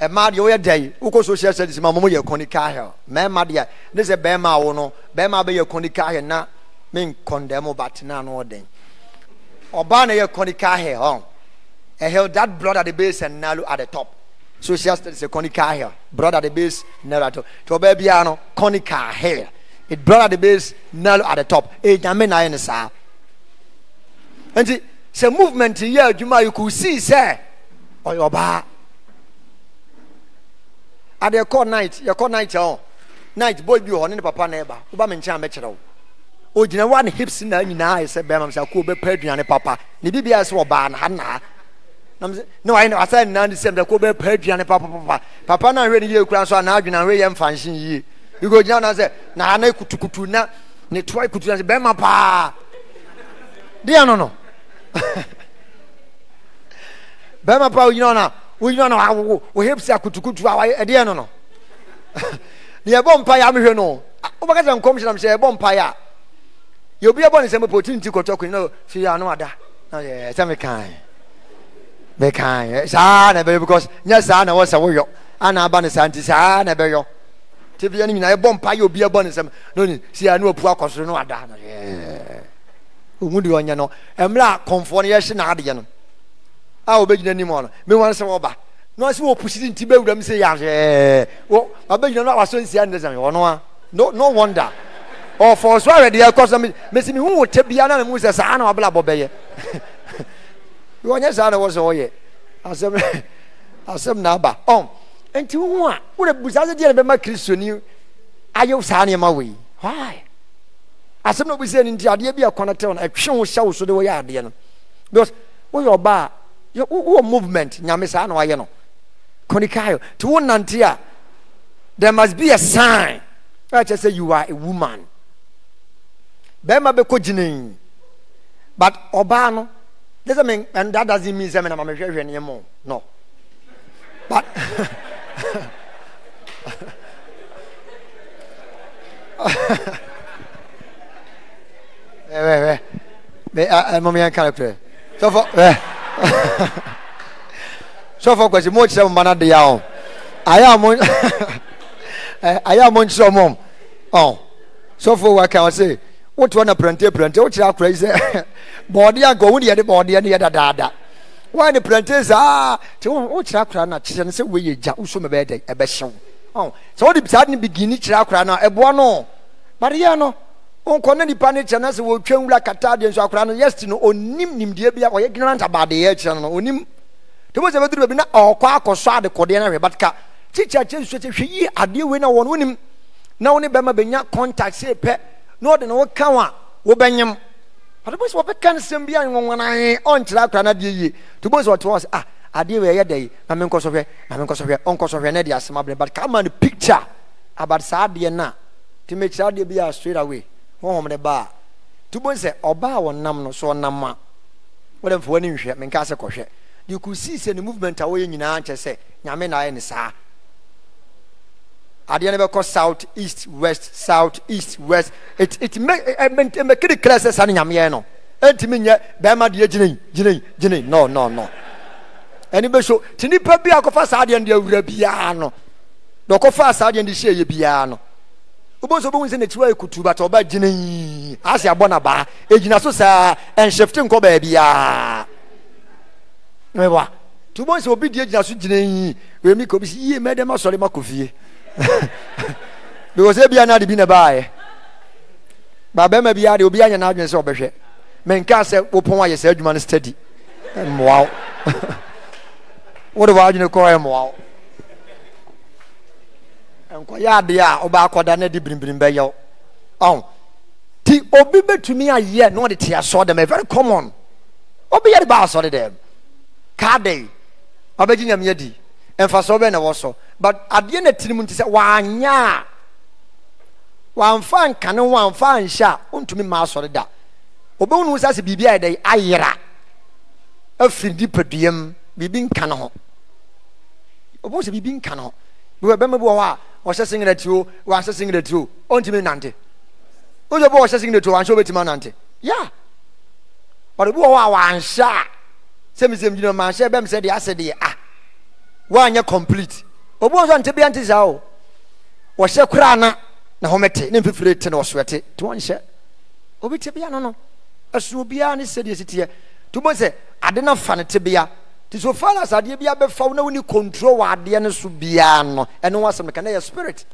ɛmaa deɛ woyɛ dɛn wokɔ social studies ma mɔmɔ yɛ conical hair mɛma deɛ ne sɛ bɛrima wo no bɛrima bɛyɛ conical hair na menkɔndɛm ba tena no ɔden ɔbaa na yɛ conical hair ɔm a hair that blood at the base and nalo at the top social studies sɛ conical hair brother the base narrow at the top to ɔbaa biara no conical hair it brother the base narrow at the top enyame na ayɛ sa, and nti sɛ movement here, adwuma yi kò sii sɛ ɔyɛ ɔbaa adeɛ kɔ night yɛ kɔ night ɛwɔ oh, night boy bi wɔ hɔ ne ne papa na ɛba ɔba mi nkyɛn a mɛkyerɛw ogyina wa ne hips na nyinaa ayɛ sɛ bɛrɛ ma sɛ akó bɛ pɛ aduane papa ne bibi ayɛ sɛ oh, na na ne wayɛ wasa nnan de sɛ mdɛ ko bɛpɛ aduane papapapa papa no anhwɛ ne yie kura nso a naadwene anhwɛ yɛ mfanhyen yie bikɔ gyina na sɛ na ana kutukutu na ne toa kutu na sɛ bɛrima paa deɛ no no bɛrima paa wogyina na wogyina na wo hips a kutukutu a wayɛ eh, ɛdeɛ no no ne yɛbɔ mpaeɛ amehwɛ no wobɛka sɛ nkɔm hyɛnam sɛ yɛbɔ mpaeɛ a yɛobi yɛbɔ ne sɛ mepɛ ɔtinti kɔtɔko nyina sɛ yɛ ano ada na sɛ mekae bɛkan saa na ɛbɛyɛ because nyɛ saa na wɔsɛ woyɔ ana aba ne saa nti saa na ɛbɛyɔ te bia no nyinaa ɛbɔ mpa yɛ obi ɛbɔ ne nsɛm na ɔni sia ne wapu akɔ soro no ada no ɔhu deɛ ɔnyɛ no mmerɛ a kɔmfoɔ no yɛhye naadeɛ no a wɔbɛgyina anim hɔ no mewa no sɛ wɔba na ɔsɛ wɔpusiri nti bɛwura m sɛ yɛ wabɛgyina no a wasɔ nsia ne sɛ No a no wonder ɔfɔ so awɛdeɛ ɛkɔ so mesi mehu wo ta bia na ne mu sɛ saa na wabrabɔ bɛyɛ wɔnyɛ saa na wɔsɛ ɔyɛ asɛm asɛm na aba ɔn nti wo a wona busa sɛ deɛ na bɛma kristoni ayɛ saa nneɛma wɔ yi why asɛm na obisɛ no nti adeɛ bi akɔna tɛw no ɛtwe wo hyɛ wo so de wɔyɛ adeɛ no because woyɛ ɔba a wowɔ movement nyame saa na wayɛ no kɔnikaayɔ nti wonante a there must be a sign a kyerɛ sɛ you are a woman bɛrima bɛkɔ gyinayi but ɔbaa no doesn't mean, and that doesn't mean I'm a anymore. No. But. wait, wait, wait. Uh, uh, mommy, I am not play. So for. So for question, much seven banana the yaw. I am I am on some eh, mom. Oh. So for what can I say? wote wana prante prante wote akura ise bɔɔde anka ohun yɛ de bɔɔde ne yɛ dadaada wɔn ne prante saa te wɔn wote akura na kyerɛ ne sɛ wɔyɛ gya woso mɛ bɛyɛ dɛ ɛbɛhyɛw ɔn sɛ wɔde saa ne bigini kyerɛ akura na ɛboa no badeɛ no nkɔ ne nipa ne kyerɛ na sɛ wɔtwa nwura kata adeɛ nso akura no yɛsi no onim nimdeɛ bi a ɔyɛ ignorant abaadeɛ kyerɛ no onim te mo sɛ bɛduru baabi na ɔkɔ akɔsɔ adekɔdeɛ na hwɛ batika kyikyia kyerɛ nsuo kyerɛ hwɛ yie adeɛ wei na wɔn onim na wɔn ne bɛrima bɛnya contact sɛ pɛ na ɔde ne wo ka wo a wobɛnyem ɔde bɛsɛ wɔbɛka no sɛm bi a nwɔnwanae ɔnkyerɛ akora no adeɛ yie nti bɛsɛ ɔte hɔ sɛ ah adeɛ wɔ ɛyɛ dɛ na me nkɔ sɔhwɛ na me nkɔ sɔhwɛ ɔnkɔ sɔhwɛ na ɛde asɛm abrɛ but kama no picture about saa adeɛ no a nti mekyerɛ adeɛ bi a straight away wɔhɔm ne baa nti bɛsɛ ɔbaa wɔnam no so ɔnam a wɔde mfa w'ani nhwɛ menka sɛ kɔhwɛ de kɔsii sɛ ne movement a wɔyɛ nyinaa nkyɛ sɛ nyame na ayɛ ne saa adeɛ no bɛkɔ south east west south east west it it make eh, eh, mekiri kira sɛ saa ne nyameɛ no ɛntumi nyɛ bɛrima deɛ gyina yi gyina yi gyina yi no no no ɛni bɛ so te nipa bi akɔfa saa adeɛ no de awura biara no na ɔkɔfa saa adeɛ no de hyɛ yɛ biara no wobɛ nso bɛhu sɛ n'akyiwa yɛ kutu bata ɔba gyina yi ase abɔ na baa egyina so saa ɛnhyɛfte nkɔ baabiara mɛwa tubɔ nsɛ obi deɛ gyina so gyina yi wɛmi kɔ bi si yie mɛdɛm because ebia na de bi na baayɛ ba bɛrima bi ade obi anya n'adwene sɛ ɔbɛhwɛ menka sɛ wopɔn ayɛ saa adwuma no steady mmoa wo wode w'adwene kɔɛ mmoa wo nkɔyɛ adeɛ a wobɛakɔda na de biribirim bɛyɛ wo ɔn ti obi bɛtumi ayɛ na ɔde te asɔ dɛm very common obi yɛ de ba asɔre dɛm kaa dɛ ɔbɛgye nyamea di mfasoɔ bɛn na ɛwɔ so but adeɛ na tiri mu nti sɛ wanyɛ a wamfa nkane wamfa nhyɛ a ontumi mma asɔre da obɛhunu sɛ sɛ biribi ayɛ dɛ ayera afiri nipadua mu biribi nka ne ho obɛhu sɛ biribi nka ne ho biwɔ bɛma bi wɔ hɔ a ɔhyɛ singlet o wanhyɛ singlet o ɔntumi nante wọ́n bọ̀ ọ̀hyẹ́ singlet o wàá nhyẹ́ obetumi anante yá ọ̀rẹ́ bi wọ̀ hɔ a wàá a sẹ́mi gyina maa nhyẹ́ bẹ́ẹ̀ deɛ asɛ deɛ a wanyɛ complete obi wɔn nso nte bi ante saa o wɔhyɛ koraa na na wɔn te ne mfifire te na ɔsoɛte te wɔn hyɛ obi te bi ano no ɛsono biara ne sɛdeɛ si teɛ to mo sɛ ade na fa ne te bia te so far as adeɛ bi abɛfa wo na wo ni control wɔ adeɛ no so biara no ɛno wɔn asɛm no kan ɛyɛ spirit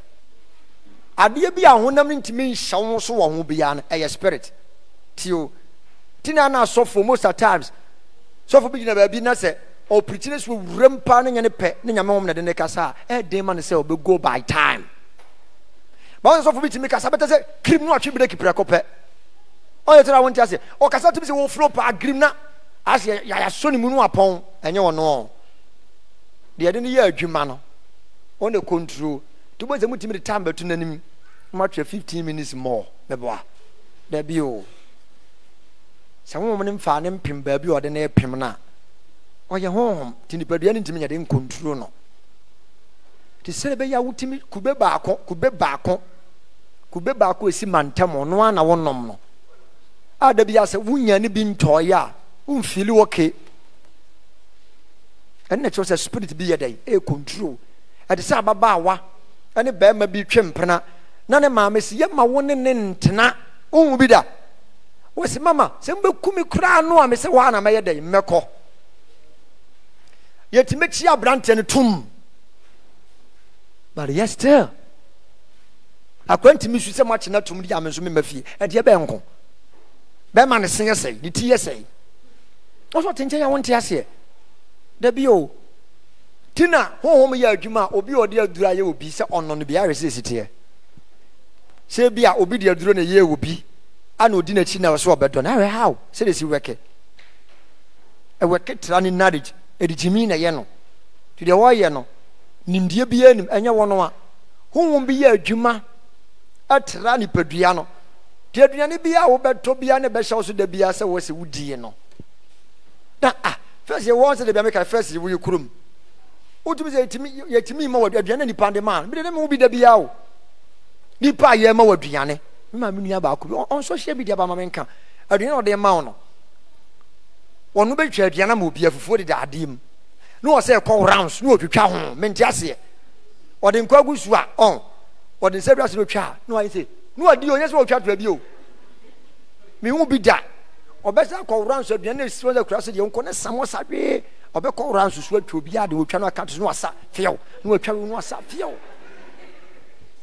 adeɛ bi a honam no ntumi nhyɛ wɔn so wɔn ho biara no ɛyɛ spirit tio tina na asɔfo most of times sɔfo bi gyina baabi na sɛ ɔpirikyiri so wura mpa ne nyɛ pɛ ne nyame wɔm na de ne kasa a eh, ɛden ma ne sɛ ɔbɛgo by time báwo sɔfo bi tìmi kasa bɛtɛ sɛ kirim no atwi breki prɛko pɛ ɔyɛ tɛrɛ awo nti ase ɔkasa tìmi sɛ wɔfuro pa agirim na ase yayasɔ ne mu no apɔn ɛnyɛ wɔn no deɛ de ne yɛ adwuma no wɔn de kɔntro tó bɔ nsɛm tìmi de time bɛtu n'anim ɔmo atwɛ fifteen minutes more bɛbɔ a dɛbi o sɛ wɔn mu ne nfa ne mpem baabi a ɔde ne pem na ɔyɛ honhom nti nipadua no ntumi nyɛde nkonturo no nti sɛde bɛyɛ a kube baako kube baako kube baako esi mantam ɔno ara na wɔnom no a da bi asɛ wonya ne bi ntɔɔyɛ a womfili wɔke ɛno na kyerɛ sɛ spirit bi yɛ dɛn ɛyɛ konturo ɛte sɛ ababaawa ne barima bi twe mpena na ne maame si yɛma wo ne ne ntena wohu bi da wɔsi mama sɛ mbɛku me koraa no a me sɛ wɔa na mɛyɛ dɛn mmɛkɔ yɛtumi kyi aberanteɛ no tum but yɛ still akwantumi su sɛ moakye no atom de ame nso mema fie ɛdeɛ bɛɛ nko bɛma ne seyɛ sɛe ne ti yɛ sɛe wo sɛ ɔte nkyɛ yɛ wonte aseɛ da bio ti na honhom yɛ adwuma a obi a ɔde aduro ayɛ obi sɛ ɔno no biara sɛ ɛsiteɛ sɛ bi a obi de aduro na ɛyɛ obi ana ɔdi n'akyi na ɛwɔ sɛ ɔbɛdɔ no awɛ how sɛdeɛ si wɛkɛ ɛwɛkɛ tra ne knowledge ɛdikyimi na ɛyɛ no nti deɛ wɔyɛ no nimdeɛ bi anim ɛnyɛ wɔn a honhom bi yɛ adwuma ɛtra nipadua no te aduane bi a wobɛtɔ bia ne bɛhyɛ wo so da bia sɛ wɔsɛ wodie no na a fɛs yɛwɔ sɛ da bia meka fɛs woyɛ kurom wotumi sɛ yɛtumi ma wɔ aduane nipa de maa mede ne me wo bi da bia wo nipa a yɛma wɔ aduane mema me nua baako bi ɔnsɔ bi deɛ bama menka aduane na ɔde ma wo no ɔno bɛtwa aduane ma obi afufuo deda adeɛ mu na ɔsɛ ɛkɔ rounds na ɔtwitwa ho mente aseɛ ɔde nkɔ agu so a ɔn ɔde nsa bi ase na a na wayɛ sɛ na ɔdi onyɛ sɛ ɔtwa toa bi o mehu bi da ɔbɛsɛ akɔ rounds aduane na esi wɔn sɛ kura so deɛ nkɔ ne sam ɔsa hwee ɔbɛkɔ rounds so atwa obi a de ɔtwa no aka to so na ɔsa fiew na ɔtwa no ɔsa fiew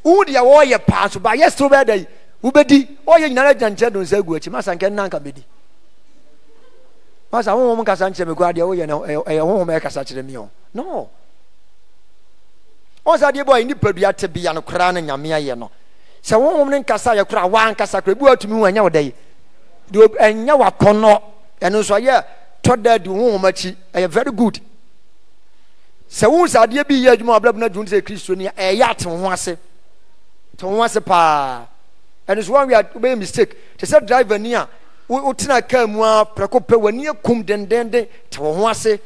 wohu deɛ wɔɔyɛ paa so ba yɛ sɛ wobɛyɛ dɛ wobɛdi ɔyɛ nyinaa gyina nkyɛn do nsa agu akyi masa nkɛ nanka bɛdi masa honhom kasa nkyerɛ me koraa deɛ woyɛ no ɛyɛ honhom ɛkasa kyerɛ me o oh. no ɔn sɛ adeɛ bɔ a nipadua te bea no koraa no nyame ayɛ no sɛ honhom no nkasa yɛ koraa woankasa koraa bi woatumi hu ɛnyɛ wo dɛn deɛ ɛnyɛ wakɔnnɔ ɛno nso ɛyɛ tɔ da di honhom akyi ɛyɛ very good sɛ wohu sɛ adeɛ bi yɛ adwuma a wablabu no adwuma sɛ kristo ni ɛyɛ ate wo ho ase te wo ho ase paa ɛno nso woawie a wobɛyɛ mistake te sɛ driver ni a wotena kaa mu a prɛko pɛ w'ani akum dendenden te wo ho ase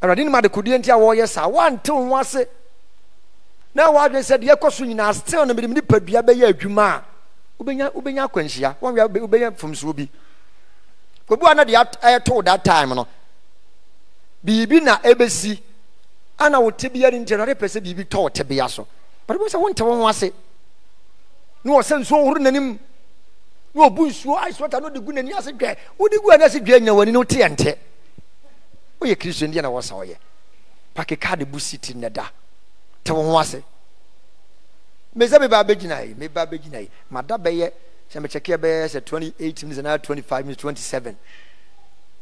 awurade nim adekodeɛ nti a wɔreyɛ saa woante wo ho ase na wadwene sɛ deɛ ɛkɔ so nyinaa still no mede me nipadua bɛyɛ adwuma a wobɛnya wobɛnya akwanhyia wobɛnya mfomsoɔ bi kɔbi a na deɛ ɛyɛ too that time no biribi na ɛbɛsi ana wo tebea no nti awurade pɛ sɛ biribi tɔ wo tebea so bɛde bɛ sɛ wonte wo ho ase ne wɔ sɛ nsuo wohoro n'anim na ɔbu nsuo ice water na ɔde gu n'ani ase dwɛ wode gu ani ase dwɛ nya w'ani na wote yɛ nte woyɛ kristo ndeɛ na wɔsa woyɛ pake kaade bu si ti nnɛ da te wo ho ase mesɛ meba bɛgyina yi meba bɛgyina yi mada bɛyɛ sɛ mekyɛkeɛ bɛyɛ sɛ 28 minutes twenty 25 minutes 27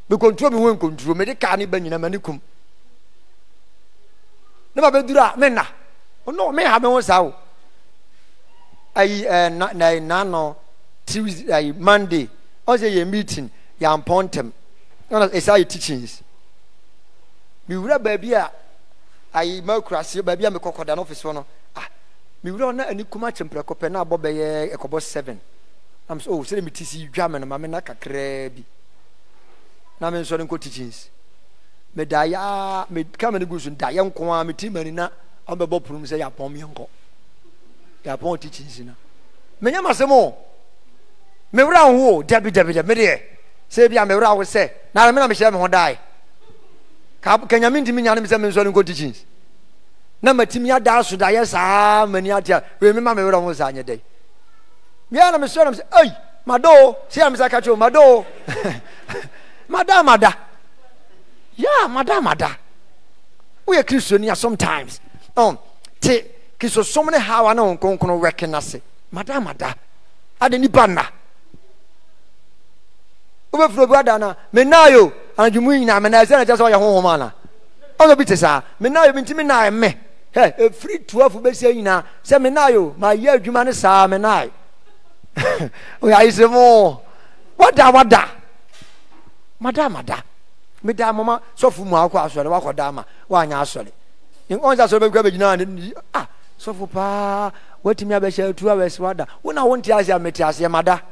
mekonturo me ho nkonturo mede kaa ne ba nyina m'ani kum ne ma bɛduru a menna ɔno ha me ho saa wo ayi eh, nanɔ tuesday uh, monday ɔn sɛ yɛ meeting yɛ ampɔntɛm ɛna ɛsɛ ayɛ teachings miwura baabi a ayi mɛkurasi baabi a mekɔkɔ da n'ɔfisi hɔ no ah miwura ɔna not kuma kyɛmpirɛkɔ pɛ n'abɔ bɛyɛ ɛkɔbɔ seven na seven. sɛ oh sɛdeɛ mi ti si dwa mi no maame na kakraa bi na mi nsɔre nkɔ teachings mɛ da ya mɛ kama ne gu so da yɛ nko a mɛ ti mɛ ni na ɔn bɛ teachings na mɛ nyɛ ma mewura wo o dabi dabi dabi deɛ sɛ ebi a mewura wo sɛ na ara mi na mi hyɛ mi ho daae ka kanyami ntumi nya mi sɛ mi nsɔ ne nko teachings na ma timi ada aso da yɛ saa ma ni atea wei mi ma mewura wo saa nyɛ dɛ mia na mi sɔ na mi sɛ ɛyi ma do o si na mi sɛ kakyɛ o ma do o ma da ma da yaa ma da ma da woyɛ kristu ni a sometimes ɔn te kristu som ne hawa ne nkonkono wɛke na se ma da ma da adi nipa na wobɛfiri obi ada na menae o anadwo mu nyina menae sɛ na kyɛ sɛ ɔyɛ honhom ana ɔsɛ bi te saa menae o nae me hɛ ɛfiri tuafo bɛsia nyinaa sɛ menayo o mayɛ adwuma no saa menae ɔyɛ ayese mo wada wada mada mada meda mama sɔfo mu akɔ asɔre wakɔ da ma woanyɛ asɔre ɔn asɔre bɛkura bɛgyina ne ah sɔfo paa woatumi abɛhyɛ atu abɛsi wada wona wonte aseɛ mete aseɛ mada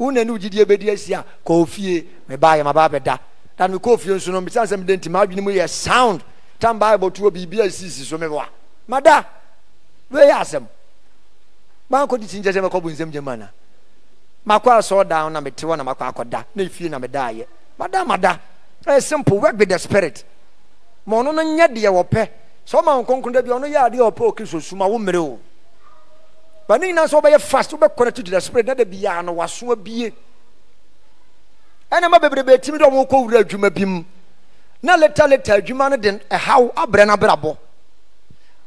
wo e, na ne gyidie bɛdi asi a kɔɔ fie mebaayɛ mabaa bɛda na mekɔɔ fie nso no mesane sɛ mede nti maadwene mu yɛ sound tam baabɔtoɔ biribi a sisi so meboa mada weyɛ asɛm mankɔde ti nkyɛ sɛ mɛkɔbo nsɛm gyama na makɔ asɔɔ daa na mete hɔ na makɔ akɔda na efie na medaayɛ mada mada ɛyɛ e, simple work with the spirit ma ɔno no nyɛ deɛ wɔpɛ sɛ ɔma wo nkronkron da bi ɔno yɛ adeɛ ɔpɛ ɔkristo suma wo mmere o but ne nyinaa nso wɔbɛyɛ fast wobɛconnect to the spirit na da biara no waso abie ɛna ma bebrebe timi dɛ ɔmo kɔ wura adwuma bi mu na later later adwuma no de ɛhaw abrɛ no abrabɔ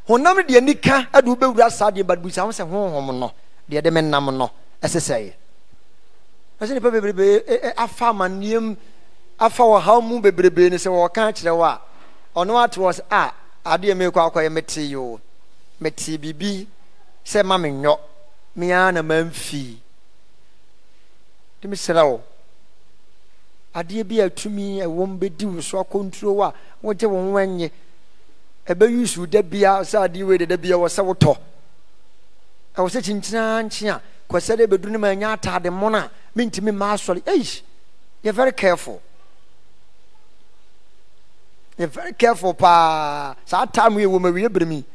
honam deɛ nika ɛde wobɛwura saa deɛ but busa ho sɛ honhom no deɛ de me nam no ɛsesɛeɛ ɛsɛ nipa bebrebe e, e, afa amanneɛm afa ɔhaw mu bebrebe no sɛ wɔka kyerɛ wo a ɔno ate wɔ sɛ a adeɛ meekɔ akɔyɛ metee o metee biribi sɛ ma me nyɔ mea na mamfii de me serɛ wo adeɛ bi a tumi ɛwɔ m bɛdi wo so akɔnturo wo a wogye wo ho nye ɛbɛyi so da bia sɛ adeɛ wei deda bia wɔ sɛ wotɔ ɛwɔ sɛ kyinkyiraa nkye a kɔsɛ dɛ bɛduru no ma ɛnyɛ ataade mono a mentumi mma asɔre ei yɛ very careful yɛ very careful paa saa taa mu yɛ wɔ ma wie mi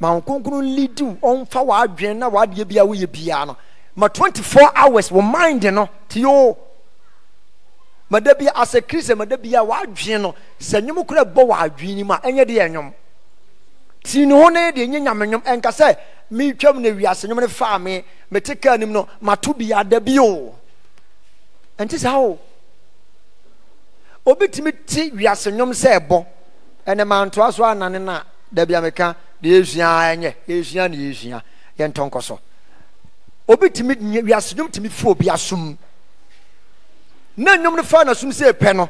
ma nkonkron lead ɔmfa w'adwene na w'adeɛ bi a woyɛ biara no ma twenty four hours wɔ mind no te yoo ma da bi asɛ kristian ma da bi a w'adwene no sɛ nnwom kora bɔ w'adwene mu a ɛnyɛ deɛ nnwom ti ne ho ne deɛ nye nyame nnwom ɛnka sɛ metwam na wiase nnwom ne faa me mete kaa nim no mato bi ada bi o ɛnti saa o obi tumi ti wiase nnwom sɛ ɛbɔ ɛnɛ mantoa so anane na dabi ameka na yɛsua nyɛ yɛsua na yɛsua yɛntɔ nkɔ so obi tumi nyɛ wiase dwom tumi fi obi asom na nnwom no fa na som sɛ pɛ no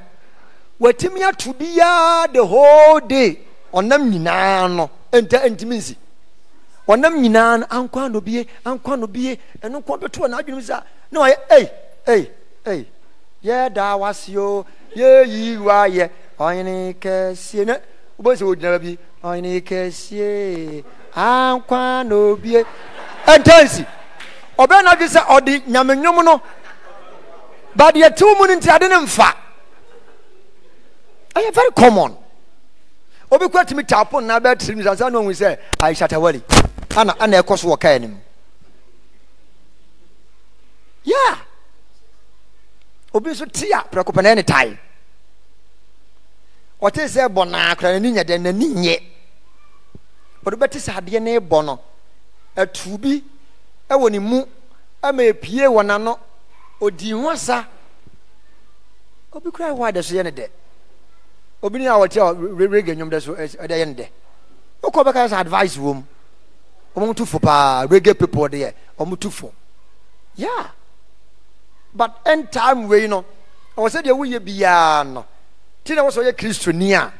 watumi ato biara the whole day ɔnam nyinaa no nta ntumi nsi ɔnam nyinaa no ankɔ ano bie ankɔ ano bie ɛno nkɔ bɛto wɔ n'adwene mu sa na wɔyɛ ei ei ei yɛda wase o yɛyi wa yɛ ɔyene kɛseɛ na wobɛsɛ wɔgyina bi ɔne kɛseɛ ankwa na obie ɛntɛnsi ɔbɛn na fi sɛ ɔde nyamenwom no badeɛ tiw mu no nti ade ne mfa ɛyɛ very common obi kɔ tumi taapo na bɛtiri mu sasa na ohun sɛ aishatawali ana ana ɛkɔ so wɔ kaa anim yeah obi nso ti a prɛko pɛ na ɛne tae ɔte sɛ bɔ naa kora n'ani nyɛ dɛ n'ani nyɛ wɔde bɛte sɛ adeɛ no rebɔ no atuu bi wɔ ne mu ama epie wɔ n'ano odi ho asa obi kura ɛwɔ adi so yɛ ne dɛ obi ni a wɔte a reggae nnwom dɛ so ɛdɛ e, e yɛ ne dɛ okɔ bɛka sɛ advice wɔ mu wɔn tu fo paa reggae people deɛ wɔn tu fo yeah but end time wei no ɔwɔ sɛ deɛ woyɛ biara no ti na wɔsɔ yɛ kristoni a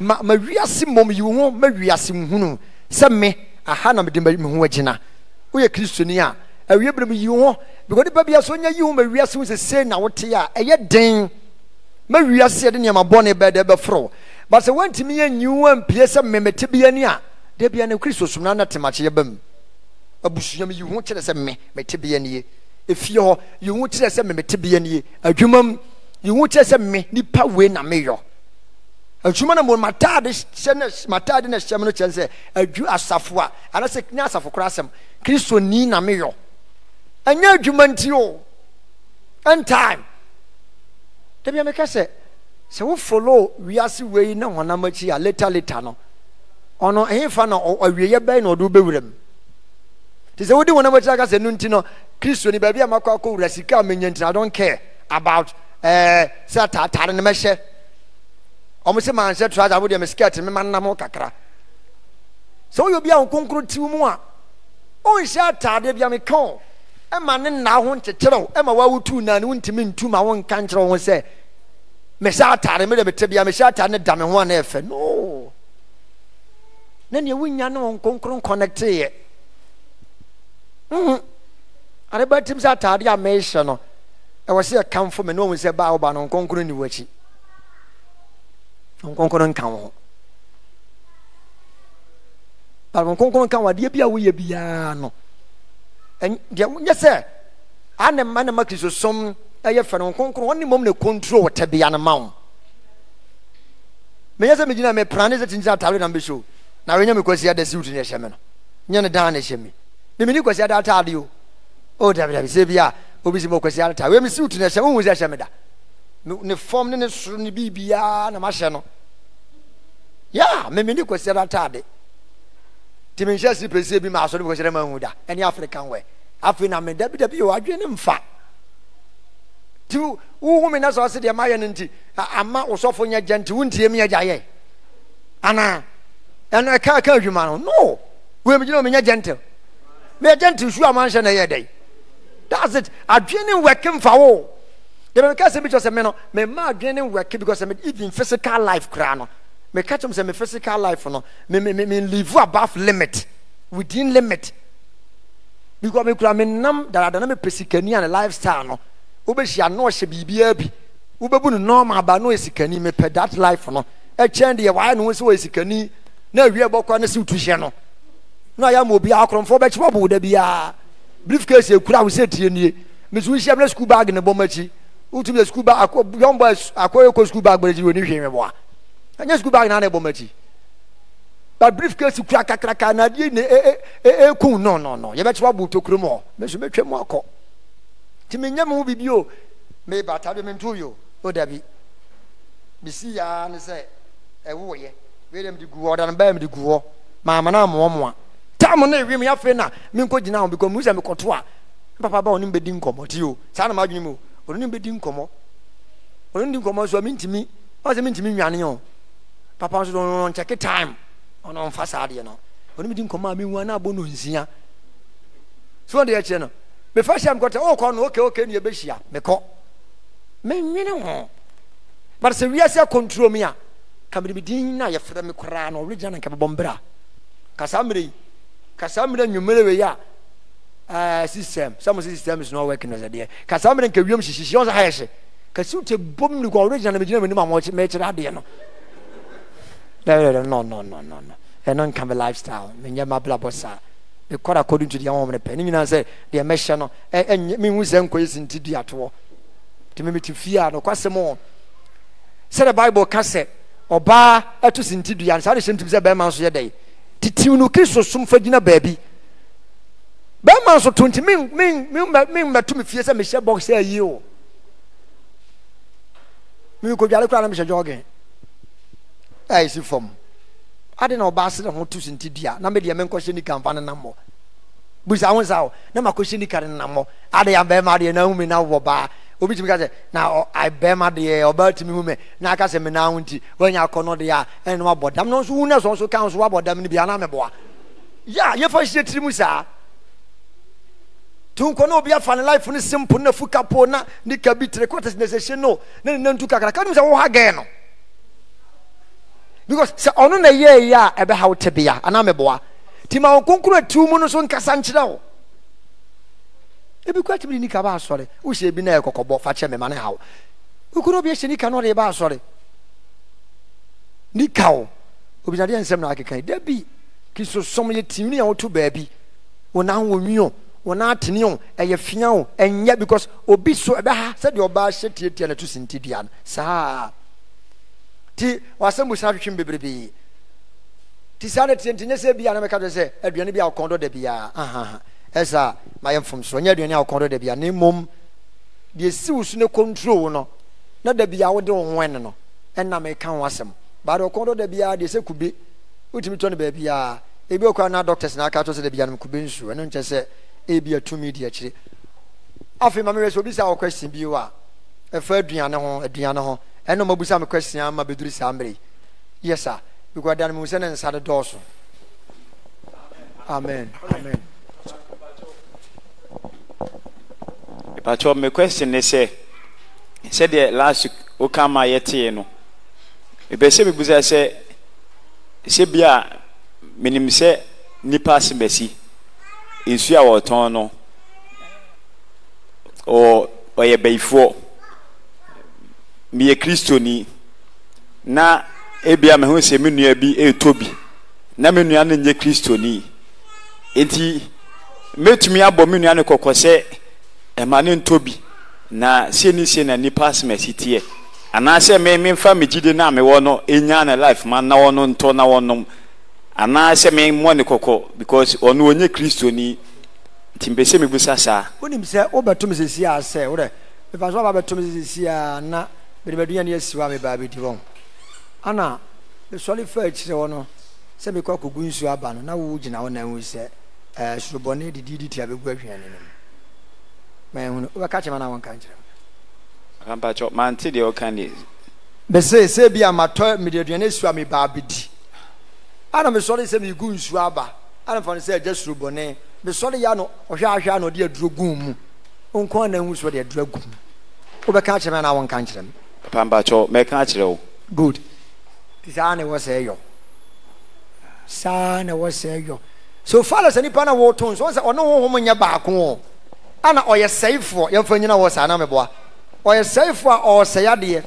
ma ma wiase mmom yi ho ma wiase nhunu sɛ me aha na mede me ho agyina woyɛ kristoni a awie berɛ mu yi ho because nipa bia sɛ ɔnya yi ho ma wiase ho sɛsei na wote a ɛyɛ den ma wiase yɛde nneɛma bɔne bɛdɛ bɛforɔ but sɛ woantumi yɛ nyi ho ampie sɛ memete bia ni a da bia no kristo som no ana temakyeɛ ba mu abusuam yi ho kyerɛ sɛ me mete bia nie efie hɔ yi ho kyerɛ sɛ memete bia nie adwuma mu yi ho kyerɛ sɛ me nipa wei na meyɔ adwuma no mmom mataade hyɛ no mataade no hyɛm no kyɛn sɛ adwu asafo a anasɛ nyɛ asafo koraa asɛm kristoni na meyɔ ɛnyɛ adwuma nti o end time da bia meka sɛ sɛ wo follow wiase wei na honam akyi a later later no ɔno ɛhefa na awieyɛ bɛn na ɔde wobɛwura mu nti sɛ wode honam akyi aka sɛ no nti no kristoni baabi a makɔ akɔwura sika a menya nti na i don't care about uh, sɛ atare no mɛhyɛ ɔmo sɛ manhyɛ trouser abo deɛ me skirt mema nam kakra sɛ woyɛ obi a wo konkro tiw mu a ɔnhyɛ ataadeɛ bia meka o ɛma ne nna ho nkyekyerew ɛma woawotu naa ne wontumi ntu ma wonka nkyerɛ wo ho sɛ mehyɛ ataade mede mete bia mehyɛ ataade ne da me ho a na ɛfɛ no na neɛ wonya ne wo konkro nkɔnɛteeɛ mm-hmm. adebatim sɛ ataade a mehyɛ no ɛwɔ sɛ ɛkamfo me ne ɔhu sɛ baa woba no nkonkro ni w'akyi nkɔnkɔn nka wo baabu nkɔnkɔn nka wo adeɛ bi a woyɛ biara no deɛ nyɛ sɛ anam anam akiriso som ɛyɛ fɛ no nkɔnkɔn wɔn ne mɔm na kɔntro wɔ tɛbea no ma wo mɛ nyɛ sɛ megyina mɛ prane sɛ kyinkyin ataare nam bi so na wɔnyɛ mi kwasi ada siwutu ne ɛhyɛ mi no nyɛ ne dan ne ɛhyɛ mi mimi ni kwasi ada ataade o o dabi dabi se bi a obi si mo kwasi ada ataare wɔyɛ mi siwutu ne ɛhyɛ mi ohun sɛ ɛhyɛ mi da ne fam ne ne soro ne biribiara na mahyɛ no ya memeni kɔsiɛra atade nti menhyɛ se pɛsie bi maasɔre kɔsiɛra mahu da ɛne african wɛ afei na meda bi da bi yɛ wadwe ne mfa nti wohu me na sɛ ɔse deɛ mayɛ no nti ama wosɔfo nyɛ gya nti wontie me yɛgya yɛ anaa ɛno ɛka ka adwuma no no wemegyina menyɛ gentle meyɛ gentle su a manhyɛ no ɛyɛ dɛn that's it adwene nwɛke mfa wo yɛrɛ ka sɛ bi kyerɛ sɛ me no me ma adwene ne wɛke because me even physical life koraa no me ka kyerɛ sɛ me physical life no me me me me live above limit within limit because me kura me nam dada na me pɛ sikani a ne lifestyle no wobɛhyia na ɔhyɛ biribiara bi wobɛbu no normal ba na ɔyɛ sikani mepɛ that life no ɛkyɛn deɛ wayɛ ne ho sɛ ɔyɛ sikani na awie bɔkɔ ne sɛ wotu hyɛ no na ayɛ ama obiara akorɔmfoɔ bɛkye wɔbo da biara brief case ekura awo sɛ tie nie mesu hyia mi na sukuu ne bɔ m'akyi wotumi sɛ sukuu ba akɔ young bɔ akɔ yɛ kɔ sukuu ba agbɛrɛdzi wo ni hwɛ mi bɔ a ɛnyɛ sukuu ba nyinaa na ɛbɔ mɛkyi but brief case kura kakraka na adeɛ na e e e, e kun no no no yɛbɛkyɛ wa bu tokuro mu hɔ mɛ so mɛtwɛ mu akɔ ti mi nyɛ mu bibi o mɛ bata bi mi ntu yi o o dabi mi si yaa ne sɛ ɛwo e yɛ wei de mi di gu hɔ ɔdan bɛɛ mi di gu hɔ maama naa mɔɔ mɔa taamu ne wi mi afei na mi nkɔ gyina hɔ because mi sɛ mi kɔto a papa baa ɔne mi bɛ di nkɔmɔ ti o saa na ma adwene mu o ɔno ne bɛdi nkɔmmɔ ɔno ne di nkɔmmɔ so a mentimi ɔn sɛ mentimi nwane o papa nso no ɔnkyɛke time ɔno ɔmfa saa adeɛ no ɔno medi nkɔmmɔ a mewu a na abɔ no nsia so ɔde akyerɛ no mefa hyɛ mkɔtɛ wokɔ oh, no oke oke ne yɛbɛhyia mekɔ menwene ho but sɛ wiase akɔnturo me a ka mede medin no a yɛfrɛ me koraa no ɔwerɛ gyina no nka bɛbɔ mbra ka saa mmerɛ yi ka saa mmerɛ nwummere wei a uh, system some system is not working as a deɛ kasa mmerɛ nka wiem hyehyehyɛ ɔsɛ hayɛ hye kasi wote bom ne kɔ ɔregyina na megyina m'anim a mɛkyerɛ adeɛ no no no no no ɛno nka me lifestyle menyɛ mabrabɔ saa mekɔra according to deɛ wɔm no pɛ ne nyinaa sɛ deɛ mɛhyɛ no mehu sɛ nkɔyɛ si nti duatoɔ nti memete fie a nokwasɛm wɔ sɛde bible ka sɛ ɔbaa ɛto si nti dua no saa de hyɛ ntimi sɛ bɛrima nso yɛ dɛn titiw no kristo som fa gyina baabi bɛrima nso mi mi memmɛto mi fie mi mehyɛ bɔx sɛ ayi o mekɔdware koraa na mehyɛ gyɔɔge ɛɛsi fam ade na ɔbaa se ne ho to so nti dua na medeɛ menkɔhyɛ nika mfa no nammɔ busa ho sa o na makɔhyɛ nika no nammɔ ade ya bɛrima adeɛ na mi na wɔ baa obi mi ka sɛ na bɛrima deɛ ɔbaa mi hu mɛ na aka sɛ mena ho nti woanya akɔ no deɛ a ɛne no wabɔ dam no nso wu ne sɔ nso ka nso wabɔ dam no bia na mɛboa ya yɛfa hyɛ tiri mu saa tunkɔ na obi afa ne life no simple na fuka po na nika bi tire kɔtɛs na ɛsɛ no na ne nantu kakra ka nim sɛ wɔha gɛɛ no because sɛ ɔno na ɛyɛ ɛyɛ a ɛbɛha wo tebea anaa mɛboa nti ma wo nkonkoro mu no so nkasa nkyerɛ wo ebi kɔ atimi ne nika ba asɔre wohyɛ bi na ɛyɛ kɔkɔbɔ fa kyɛ mema ne haw wokuro bi ahyɛ nika na ɔde ba asɔre nika wo obi na deɛ nsɛm na akeka da bi kisosom yɛ timi ne yɛ woto baabi wo nan wo nwio wɔn atene o ɛyɛ fia o ɛnyɛ because obi so ɛbɛ ha sɛdeɛ ɔbaa hyɛ tiatia na ɛto si nti dua no saa ti wasɛm busa atwitwi mu bebrebe ti saa na tiɛ nti nye sɛ bi a na mɛka to sɛ aduane bi a ɔkɔn do da bi a ahaha ɛsa ma yɛ mfom so nyɛ aduane a ɔkɔn do da bi a ne mom deɛ siw so ne control no na da bi a wɔde wɔn wɛn no ɛnam ɛka ho asɛm baade ɔkɔn do da bi a deɛ sɛ kube wotumi tɔ ne baabi a ebi okura na doctors na aka to sɛ da bi a no kube nsuo ɛno nkyɛ sɛ ebi atumi di akyire afei maame wɛ sɛ obi sɛ awɔ question bi wa ɛfɛ aduane ho aduane ho ɛna ɔmo abusa mi question ama beduru saa mmerɛ yi yes sir because dan mu sɛ ne nsa de dɔɔso amen amen. patro me question ne sɛ sɛdeɛ last week woka ma yɛtee no ɛbɛ sɛ mebusa sɛ sɛ bia menim sɛ nnipa asɛm asi nsu a wɔtɔn no ɔ ɔyɛ bɛyifoɔ meyɛ kristoni na ebia me ho sɛ me nua bi ɛretɔ bi na me nua no nyɛ kristoni nti metumi abɔ me nua no kɔkɔ sɛ ɛma ne ntɔ bi na sie ne sie na nipa asemasi teɛ anaasɛ me memfa me gyide no a mewɔ no ɛnya ne life ma na wɔno ntɔ na wɔnom anaasɛ me mmɔ ne kɔkɔ because ɔno ɔnyɛ kristoni nti mpɛ sɛ mebusa saa wonim sɛ wobɛtom sɛsi a sɛ wodɛ mefa so waba bɛtom sɛsi a na mede madua ne asi hɔ a mebaa bɛdi wɔn ana mesɔre fa akyirɛ hɔ no sɛ mekɔ akɔgu nsuo aba no na wo gyina wo nan wu sɛ eh, sorobɔne dididi tia bɛgu ahwiane no mu mahunu wobɛka kyɛma no a wonka nkyerɛ mpakyɛ mante deɛ woka ne mesee sɛ bi a matɔ mede asi hɔ a mebaa bɛdi ana mesɔre sɛ megu nsu aba ana mfa sɛ agya surobɔne mesɔre yɛ no ɔhwɛahwɛ ana ɔde aduro gu mu nko na hu so ɔde aduro agu mu wobɛka akyerɛ me ana wonka nkyerɛ me papa mbakyɛ mɛka akyerɛ wo good nti saa na ɛwɔ sɛ ɛyɔ saa na ɛwɔ sɛ ɛyɔ so falo sɛ nipa na wɔto nso sɛ ɔne honhom nyɛ baako o ana ɔyɛ sɛefoɔ yɛmfa nyina wɔ saa na meboa ɔyɛ sɛefoɔ a ɔresɛe adeɛ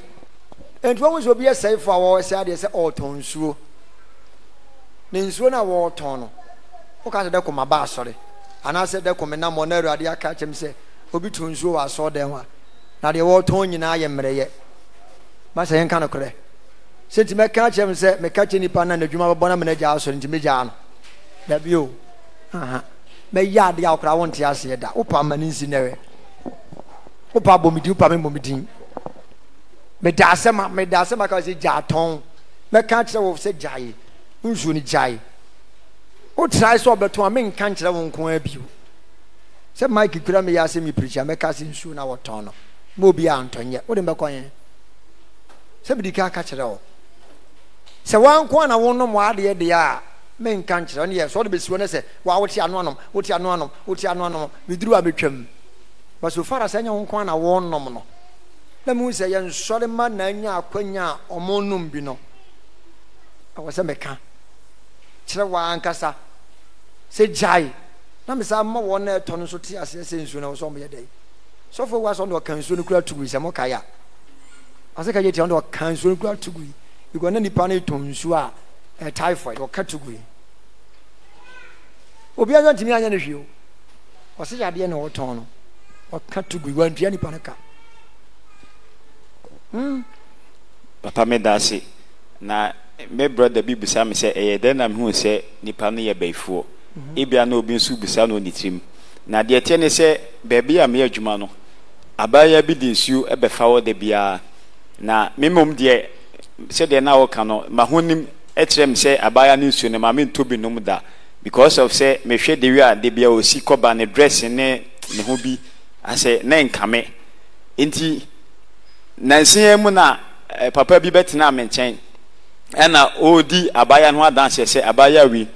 nti wɔn sɛ obi yɛ a wɔresɛe adeɛ sɛ nsuo na nsuo no a wɔretɔn no woka sɛ dɛ kɔma ba asɔre anaasɛ dɛ kɔme nam ɔno awurade aka kyɛm sɛ obi to nsuo wɔ asɔredan ho a na deɛ wɔretɔn nyinaa yɛ mmerɛyɛ ma sɛ yɛnka no korɛ sɛ nti mɛka kyerɛ m sɛ meka kyerɛ nnipa no n'adwuma bɛbɔ no mena gyaa asɔre nti megyaa no dabi o mɛyɛ adeɛ a wokora wonte aseɛ da wopa ma no nsi nɛwɛ wopa bɔmedin wopa me mmɔmedin meda asɛm meda asɛm aka sɛ gyaa tɔn mɛka kyerɛ wo sɛ gyae nsuo no gyae wotrae sɛ ɔbɛto a menka nkyerɛ wo nko a bio sɛ mike kura meyɛ asɛ mepirikyi a mɛka sɛ nsuo no wɔtɔn no ma obi a ntɔnyɛ wode mbɛkɔyɛ sɛ mede ka ka kyerɛ wo sɛ woanko a na wonom adeɛ deɛ a menka nkyerɛ ne yɛ sɛ wode bɛsi hɔ no sɛ wa wote ano anom wote ano anom wote ano anom meduru a metwam but so far as ɛnyɛ wo nko a na wonom no na mehu sɛ yɛnsɔre ma na anya akwanya a ɔmo no ɛwɔ sɛ kyerɛ wankasa sɛ gyae na mesa ma wɔn na ɛtɔ no nso te aseɛ sɛ nsuo na wɔ sɛ ɔmo yɛ dɛ sɔfo wa sɔ na ɔka nsuo no kura tugu sɛ mo ka ya ɔsɛ ka yɛ tia na ɔka nsuo no kura tugu because na nipa no tɔ nsuo a ɛ typhoid ɔka tugu obiara ntumi anya no hwee o ɔsɛ yɛ adeɛ na ɔtɔn no ɔka tugu wantua nipa no ka hmm. papa me da ase na me brother bi bisa me sɛ ɛyɛ dɛn na mehu sɛ nipa no yɛ bɛyifoɔ mhm. ebia na obi nso bisa no ne tirim na deɛ teɛ ne sɛ baabi a meyɛ adwuma no abaayewa bi de nsuo ɛbɛfa hɔ da biara na memom deɛ sɛdeɛ na wɔka no mahonim ɛkyerɛ me sɛ abaayewa no nsuo no ma mentɔ bi nom da because of sɛ mehwɛ de wi a de bia osi kɔba ne dress ne ne ho bi asɛ ne nkame nti nansia mu na eh, papa bi bɛtena me nkyɛn ɛna ɔredi abaayewa no ho adanseɛ sɛ abaayewa wi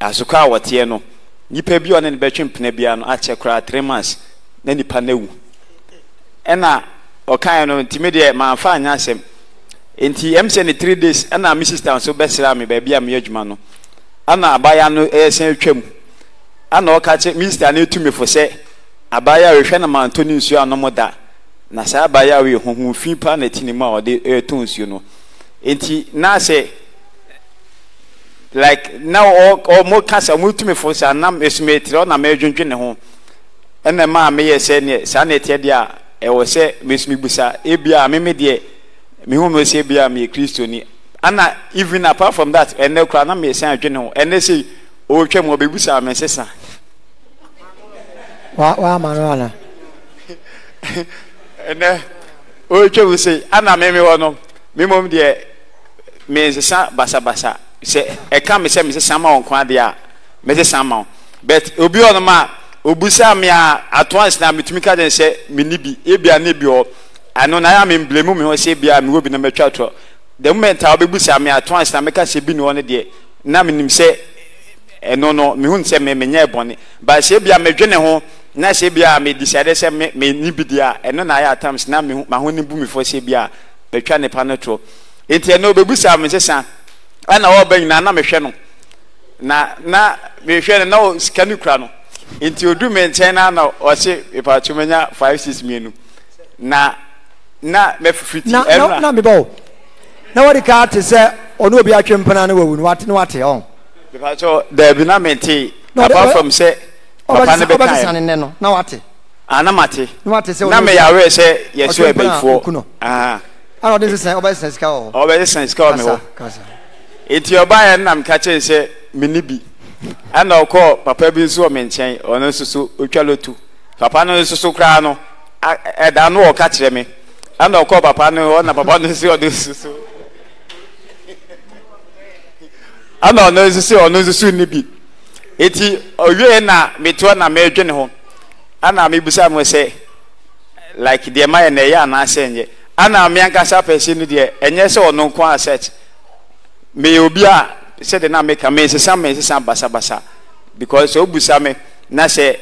asokɔ a wɔteɛ no nipa bi a ɔne ne bɛtwe mpena biara no akyɛ koraa three months na nipa no awu ɛna ɔkan no ntumi deɛ maamfa anya asɛm nti ɛm sɛ ne three days ɛna me sister nso bɛsra me baabi a meyɛ adwuma no ɛna abaya no ɛsɛn atwam ɛna ɔka kyɛ minista no etu mi fo sɛ abaayewa rehwɛ na mantɔ ne nsuo a da na saa abaayewa yi ho ho fi paa na ti ne mu a ɔde ɛreto nsuo no. nti na sɛ like na ɔmo ka sɛ ɔmo tumi fo sɛ anam esumetire ɔna mɛ dwendwe ne ho ɛna mmaa meyɛ sɛ neɛ saa na ɛteɛ deɛ a ɛwɔ sɛ mesumi busa ebia mimi deɛ mihu mi sɛ ebia meyɛ kristoni ana even apart from that ɛnɛ kora na meyɛ sɛ adwe ne ho ɛnɛ sɛ ɔwɔtwa mu ɔbɛbusa mɛ sesa. wa wa ama oh, no ana. ɛnɛ ɔwɔtwa mu sɛ ana mimi wɔ no mimom deɛ mesesa basabasa sɛ ɛka me sɛ mesesa ma wɔn kwan deɛ a mesesa ma wɔn but obi wɔn a obusa mi a ato asena metumi ka kyɛn sɛ me ni ebi a ne bi wɔ ano na ya me mblemu mi hɔ sɛ ebi a me wɔ bi na me twa toɔ the moment a obebusa mi ato asena meka sɛ bi ne wɔ deɛ na mi nim sɛ ɛno no me hu sɛ me me nyɛ bɔne ba sɛ ebi a me dwe ho na sɛ ebi a me decide sɛ me me ni bi deɛ ɛno na ayɛ atams na me ma ho ne bu mi fɔ sɛ ebi a metwa nipa no toɔ nti ɛnna obebisa mi sisan ɛnna ɔbɛ nyinaa na mehwɛ no na na mehwɛ no na ɔ sika no kura no nti odu mi nkyɛn na na ɔsi ipatumɛ nya five six mienu na na mɛfifi ti ɛnna na na mebɔ na wɔde kaa te sɛ ɔno obi atwe mpana no wawu no wate no wate ɔn. ipatumɛ dɛbi na mi ti apart from sɛ papa ne bɛ taa yɛ ɔbɛ sisan ne nɛ no na wate. anamate ah, na mɛ yawe sɛ yɛsi ɛbɛyifoɔ. ana ɔde sisan ɔbɛ sisan sika wɔ ɔbɛ sisan sika wɔ mi hɔ eti ɔbaa yɛ nam kakyɛ nsɛ mini bi ɛna ɔkɔ papa bi nso wɔ mi nkyɛn ɔno otwa lotu papa no koraa no ɛda no mi ɛna ɔkɔ papa no ɔna papa no nso ɔno ɛna ɔno ɔno ni bi ɔwie na na ne ho ɛna mo sɛ like deɛ mayɛ na ɛyɛ anaasɛ nyɛ. ana me ankasa pɛsi no deɛ ɛnyɛ sɛ ɔno nko asɛt meyɛ obi a sɛde na meka mesesa mesesa basabasa because sɛ wobusa me na sɛ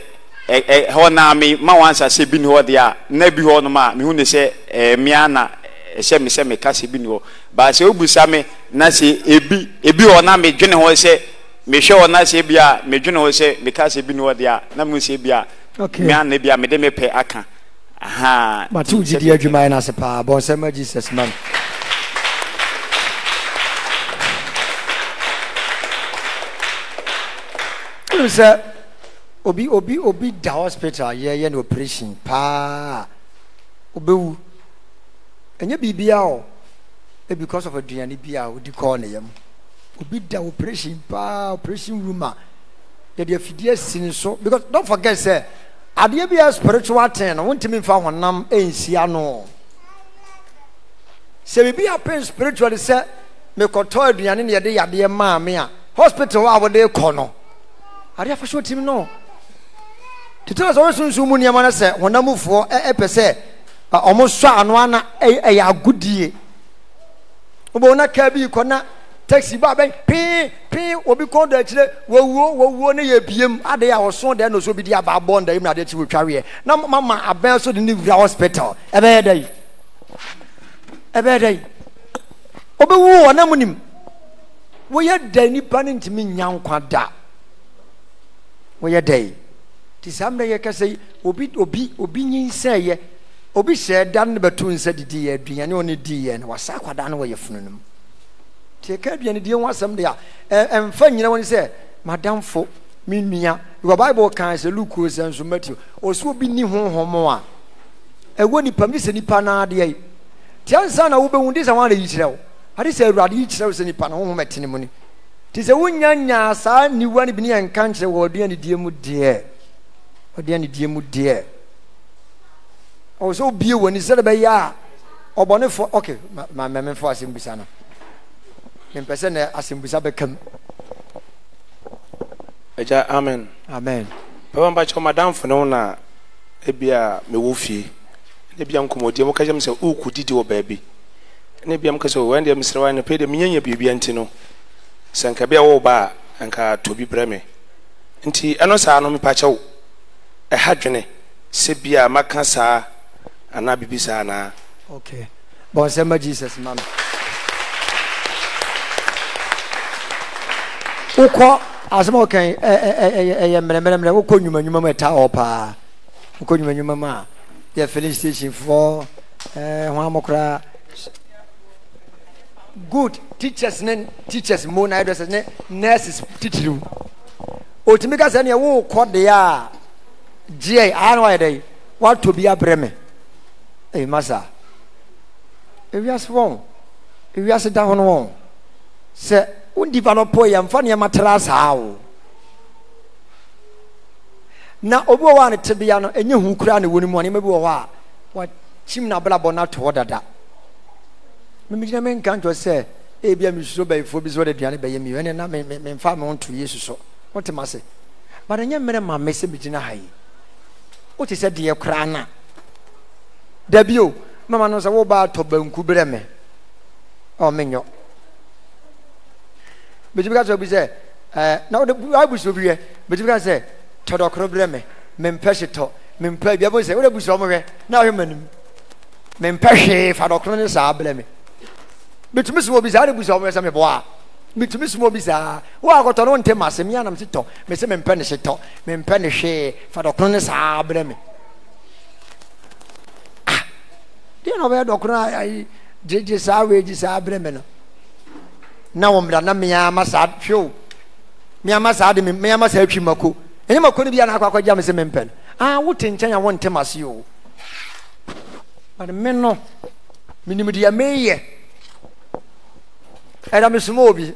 e, e, hɔ na me ma wansa sɛ bi ni hɔ deɛ e, a na bi hɔ nom a mehu ne sɛ mea na ɛhyɛ me sɛ meka sɛ bi ni hɔ baa sɛ wobusa me na sɛ ebi ebi hɔ na medwene hɔ sɛ mehwɛ hɔ na sɛ bi a medwene hɔ sɛ meka sɛ bi ni hɔ deɛ a na mehu sɛ bi a mea na bi a mede mepɛ aka mate wogyidi adwuma yɛ no ase paa bɔnsɛm a jesus ma no wonim sɛ obi obi obi da hospital yɛyɛ no operation paa wobɛwu ɛnyɛ biribia o e because of aduane bi a wodi kɔɔ ne yam obi da operation paa operation room a yɛde afidie si ne so because don't forget sɛ adeɛ bi yɛ spiritual ten no wontumi nfa honam nsia no sɛ biribi apɛn spiritual sɛ mekɔtɔ aduane ne yɛde yadeɛ maa me a hospital a wɔde kɔ no adeɛ afa so tim no titɛ sɛ wɔsunsun mu nneɛma no sɛ honamfoɔ ɛpɛ sɛ ɔmo sɔ ano ana ɛyɛ agodie wobɛwo na kaa bi kɔ na taxi ba bɛn pii pii obi kɔn do akyire wowuo wowuo ne yɛ biem ade a wɔso deɛ na so bi di aba abɔ nda yi ade akyi wotwa weɛ na mama abɛn so de ne wura hospital ɛbɛyɛ dɛ yi ɛbɛyɛ dɛ yi obɛwu wɔ nam nim woyɛ dɛ nipa ne ntumi nya nkwa da woyɛ dɛ yi te saa mmerɛ yɛ kasa yi obi obi obi nyinsɛn yɛ obi hyɛ dan ne bɛto nsa didi yɛ aduane wɔn ne di yɛ no wasa akwadaa no wɔyɛ funu no mu tie ka aduane die ho asɛm de a ɛmfa nyina wɔn sɛ madamfo me nua because bible kan sɛ luke sɛ nso matthew ɔsɛ obi ni honhom a ɛwɔ nipa mu de sɛ nipa no adeɛ yi tia nsa na wobɛhu de sɛ wɔn adeyi kyerɛ wo ade sɛ awurade yi kyerɛ wo sɛ nipa no honhom ɛtene mu ni te sɛ wonya nyaa saa niwa no bi ne yɛnka nkyerɛ wɔ ɔduane die mu deɛ ɔduane die mu deɛ ɔwɔ sɛ obie wɔ ni sɛdeɛ bɛyɛ a ɔbɔnefoɔ okay ma ma mɛmɛfoɔ asɛm bisa no mempɛ na asɛmbusa bɛkam agya amen amen papa mpa kyɛw madamfo ne wo na ebia mewɔ fie ne bia nkɔmmɔdiɛ mokɛ kyɛ m sɛ woku didi wɔ baabi ne bia mokɛ sɛ wɛn deɛ mesrɛ wa nopɛ deɛ menyanya biribia nti no sɛ nka bia wɔwo ba a nka to brɛ me nti ɛno saa no mepa kyɛw ɛha dwene sɛ bia maka saa anaa bibi saa anaa okay bɔnsɛma jesus ma wokɔ asɛm a wokan ɛyɛ eh, eh, eh, mmerɛmmerɛmmerɛ wokɔ nnwumanwuma mu ɛta hɔ paa wokɔ nnwumanwuma mu a yɛ filling station foɔ ho amɔ koraa good teachers ne teachers mo na ɛdɔ sɛ ne nurses titiriw otumi ka sɛ neɛ wokɔ deɛ a gyeɛ aa na wayɛ dɛ woatɔ bi abrɛ me ɛyi masa ewiase wɔn ewiase da hɔ no wɔn sɛ wondevelopɔ yɛmfa nneɛma tra saa o na obi wɔ hɔ a ne tebea no ɛnyɛ hu koraa ne wɔ ne mu a nneɛma bi wɔ hɔ a wakyim n'abrabɔ no ato hɔ dada memegyina menka ntɔ sɛ ebia mesuro bɛyifoɔ bi sɛ wɔde aduane bɛyɛ mi ɛne e na memfa me nto yesu so wote se bade nyɛ mmerɛ ma me sɛ megyina ha yi wote sɛ deɛ koraa na da mama no sɛ wobaa tɔ banku berɛ me ɔ menyɔ mɛtumi ka sɛ obi sɛ ɛɛ na wɔde abusu obi yɛ mɛtumi ka sɛ tɔdɔ koro brɛ mɛ mɛmpɛ si tɔ mɛmpɛ bi ɛbɛn sɛ wɔde abusu ɔmo hwɛ eh? na ahwɛ mɛ nim mɛmpɛ hwee fadɔ koro ne saa brɛ mɛ mɛtumi sɛ obi sɛ wɔde abusu ɔmo hwɛ sɛ mɛ bɔ a mitumi sumo bi saa wo akɔtɔ no ntɛ maa sɛmi anam titɔ mɛsɛ mɛmpɛ ne hyetɔ mɛmpɛ ne hwee fadɔkono ne saa brɛ me ah deɛ na ɔbɛyɛ dɔkono ayi gyegye saa wei gye saa brɛ me no na wɔn da na mmeama saa hwew mmeama saa de mmeama saa atwi mako ɛnyɛ mako no bi a na akɔ akɔ gya mi sɛ mempɛ no aa ah, wote nkyɛn a wɔn ntɛm ase o bari me no minim deɛ meyɛ ɛna me soma obi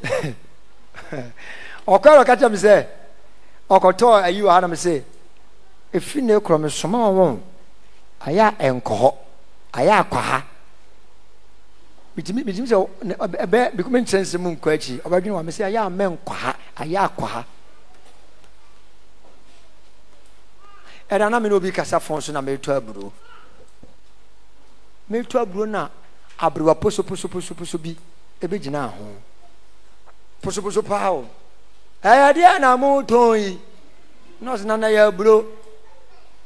ɔkɔɛ ɔka kyerɛ me sɛ ɔkɔtɔɔ ayi wɔ ha na me sɛ efi na ekorɔ me soma wɔn ayɛ a ɛnkɔ hɔ ayɛ akɔ ha mitimi mitimi sɛ ɛbɛ bikumi nkyɛnse mu nkɔ akyi ɔbɛdwene wa mɛ sɛ ayɛ amɛ nkɔ ha ayɛ akɔ ha ɛda na mi na obi kasa fɔn so na mi to aburo mi to aburo na abiriwa posoposoposoposo bi ebi gyina ho posoposo paa o ɛyɛ deɛ na mo tɔn yi nɔɔsi nana yɛ aburo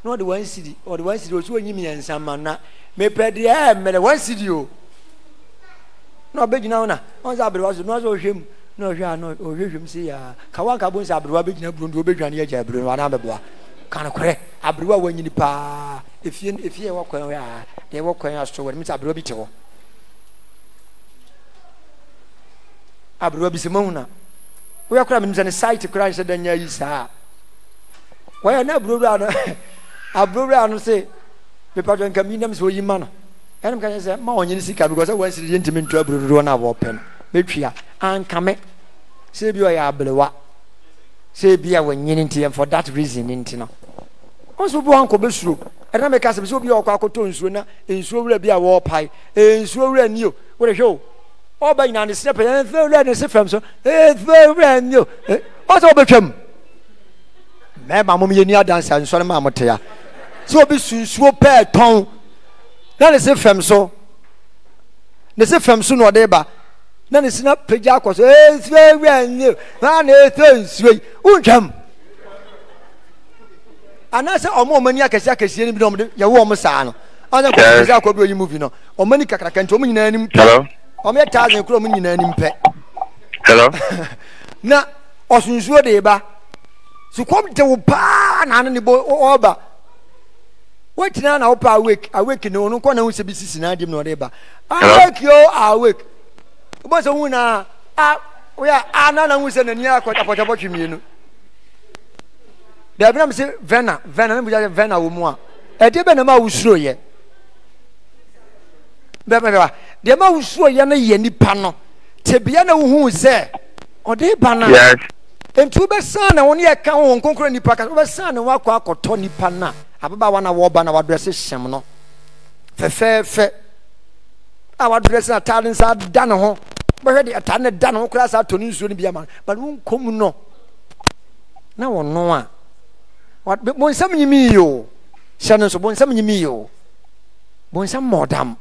na ɔde wɔn sidi ɔde wɔn sidi osu onyim yɛn nsa ma na mepɛ deɛ ɛmɛrɛ wɔn sidi o na ɔbɛgyina hɔ na ɔn sɛ aberewa so na ɔsɛ mu na ɔhwɛ a na ɔhwɛ mu si ya kawa nkabo sɛ aberewa bɛgyina buro nti ɔbɛdwane ni aberewa na abɛboa kanokorɛ aberewa a wanyini paa efie efie ɛwɔ kwan a deɛ ɛwɔ kwan asɔ wɔ ne mu sɛ aberewa bi te hɔ aberewa bi sɛ mahu na woyɛ koraa menim sɛ ne site koraa nhyɛ da nya yi saa wɔyɛ na aburowura no aburowura no se mepatɔ nka mi nam sɛ oyi ma no ɛnum ka kyɛ sɛ ma ɔnyini sika because ɛwɔ nsiri yɛ ntumi ntura buru dodoɔ na wɔpɛ no metwia ankame sɛ bi ɔyɛ abelewa sɛ bi a wɔnyini nti for that reason nti no ɔnso bi wɔn kɔ bɛ suro ɛnna mi ka sɛ bi sɛ obi a ɔkɔ akɔtɔ nsuo na nsuo wura bi a wɔɔpae nsuo wura ni o wɔde hwɛ o ɔba nyina ne sɛ pɛyɛ nsuo wura ne se fam so eh, nsuo wura ni o eh, ɔsɛ ɔbɛtwam mɛɛma mo yɛ ni adansi a nsɔre maa mo te ya sɛ obi sunsuo pɛɛ tɔn na ne se fam so ne se fam so na ɔde ba na ne se na pagya akɔ so eh, nsuo ewi anyi na na eto eh, nsuo yi ntwam anaasɛ ɔmo ɔmo ani akɛse akɛse ni bi na ɔmo de yɛwɔ ɔmo saa no ɔmo akɔ akɛse akɔ bi oyi movie no ɔmo ani kakraka nti ɔmo nyinaa anim pɛ ɔmo yɛ taazin kura ɔmo nyinaa anim pɛ na ɔsunsuo de ba sukɔm de wo paa na ano ne bo ɔɔba wotena na wopɛ awake awake no ɔno nkɔ na wosɛ bi sisi na adim na ɔde ba awake o awake wobɛ sɛ hu na a woyɛ a na na hu sɛ n'ani akɔ apɔtɔpɔtwe mmienu daabi na m vena vena ne mogya sɛ vena wɔ mu a ɛdeɛ e, bɛ na ma wosuro yɛ bɛbɛ deɛ ma wosuro yɛ no yɛ nipa no tebea na wohu sɛ ɔde ba na nti wobɛsan na wo ne yɛka wo nkonkoro nipa ka wobɛsan na woakɔ akɔtɔ nipa no a ababaawa na wɔreba na wadrɛse hyɛm no fɛfɛɛfɛ a wadrɛse na ataade nsa da ne ho bɛhwɛ de ataade ne da ne ho koraa saa atɔ ne nsuo no bi ama no but wɔn nkɔm no na wɔn no a bɔnsɛm nyimi yi o hyɛ no nso bɔnsɛm nyimi yi o bɔnsɛm mɔdam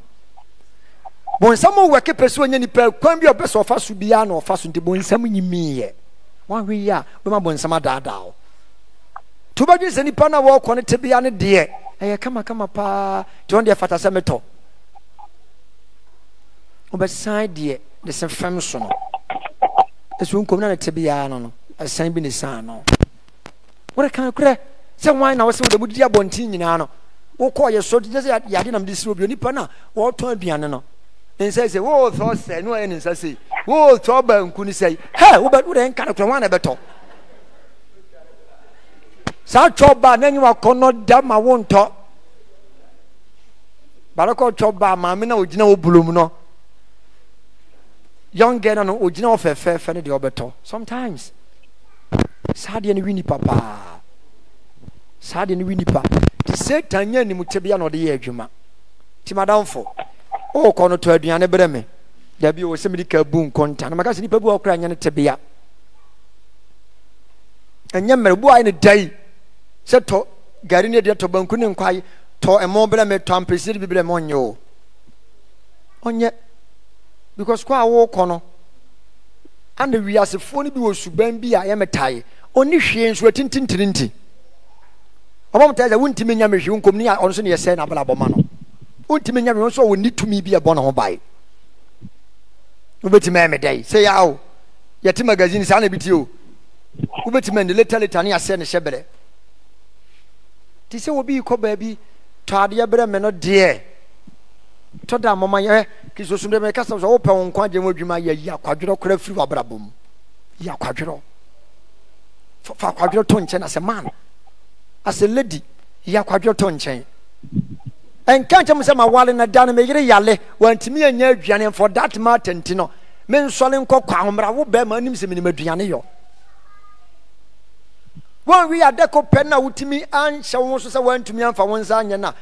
bɔnsɛm a wɔke pɛ so onye nipa kwan bi a ɔpɛ sɛ ɔfa so biara na ɔfa so nti bɔnsɛm nyimi yɛ wɔn ahwɛ yi bɛma bɔnsɛm adaadaa o to bɛdwene sɛ nnipa no a wɔrekɔ no te bea ne deɛ ɛyɛ kamakama paa nti ɔno deɛ fata sɛ metɔ wobɛsan deɛ de se fam so no ɛso nkom na ne te no no ɛsan bi ne san no wode ka korɛ sɛ wan na wo sɛ wode mudidi abɔnten nyinaa no wokɔɔyɛ so kyɛ sɛ yɛade nam de sere obio nnipa no a wɔretɔn aduane no ne nsa sɛ wootɔ sɛ ne wɔyɛ ne nsa sei wootɔ banku no sɛi hɛ wode nka no korɛ wan na ɛbɛtɔ saa twɛ ɔbaa n'anim akɔnɔ da ma wo ntɔ barakɔ twɛ ɔbaa maame na ogyina wo bulom no young girl no ogyina wo fɛfɛɛfɛ no deɛ ɔbɛtɔ sometimes saa deɛ no wi nipa paa saa deɛ no wi nipa te satan nyɛ anim tebea na ɔde yɛ adwuma nti madamfo wokɔ no tɔ aduane berɛ me dabi wɔ sɛ mede ka bu nkɔnta na maka sɛ nnipa bi wɔ kora nyɛ no tebea ɛnyɛ mmerɛ bu ayɛ no da yi sɛ tɔ gari ne deɛ tɔ banku ne nkwae tɔ ɛmɔ bɛrɛ mɛ tɔ ampesiri bi bɛrɛ mɛ ɔnyɛ o ɔnyɛ because kɔ a wɔkɔ no ana wiasefoɔ no bi wɔ suban bi a yɛmɛ tae ɔne hwee nso atintintirinti ɔbɛn taa sɛ wontumi nya mehwee nkom ne a ɔno nso ne yɛsɛe n'abala abɔma no wontumi nya mehwee nso a wɔnni tumi bi ɛbɔ ne ho bae wobɛtumi ɛmɛ dɛ sɛ yɛ awo yɛte magazine sɛ na bi tie o wobɛtumi ɛnde later later ne yɛsɛe ne hyɛ berɛ te sɛ obi kɔ baabi tɔ adeɛ berɛ me no deɛ tɔ da mɔma yɛ kisosum dɛ mɛkasa sɛ wopɛ wo nkwa agye mu adwuma yɛ yi akwadwerɛ kora firi w'abrabɔ mu yi akwadwerɛ fa akwadwerɛ tɔ nkyɛn asɛ man asɛ lady yi akwadwerɛ tɔ nkyɛn ɛnka nkyɛn mu sɛ ma wale na da no meyere yale wantumi anya aduane for that matter nti no mensɔle nkɔ kɔ ahommara wo bɛɛ ma anim sɛ menim aduane yɔ wọn wi adeko pɛ na wotumi anhyɛ wɔn so sɛ wɔntumi amfa wɔn nsa anyɛ na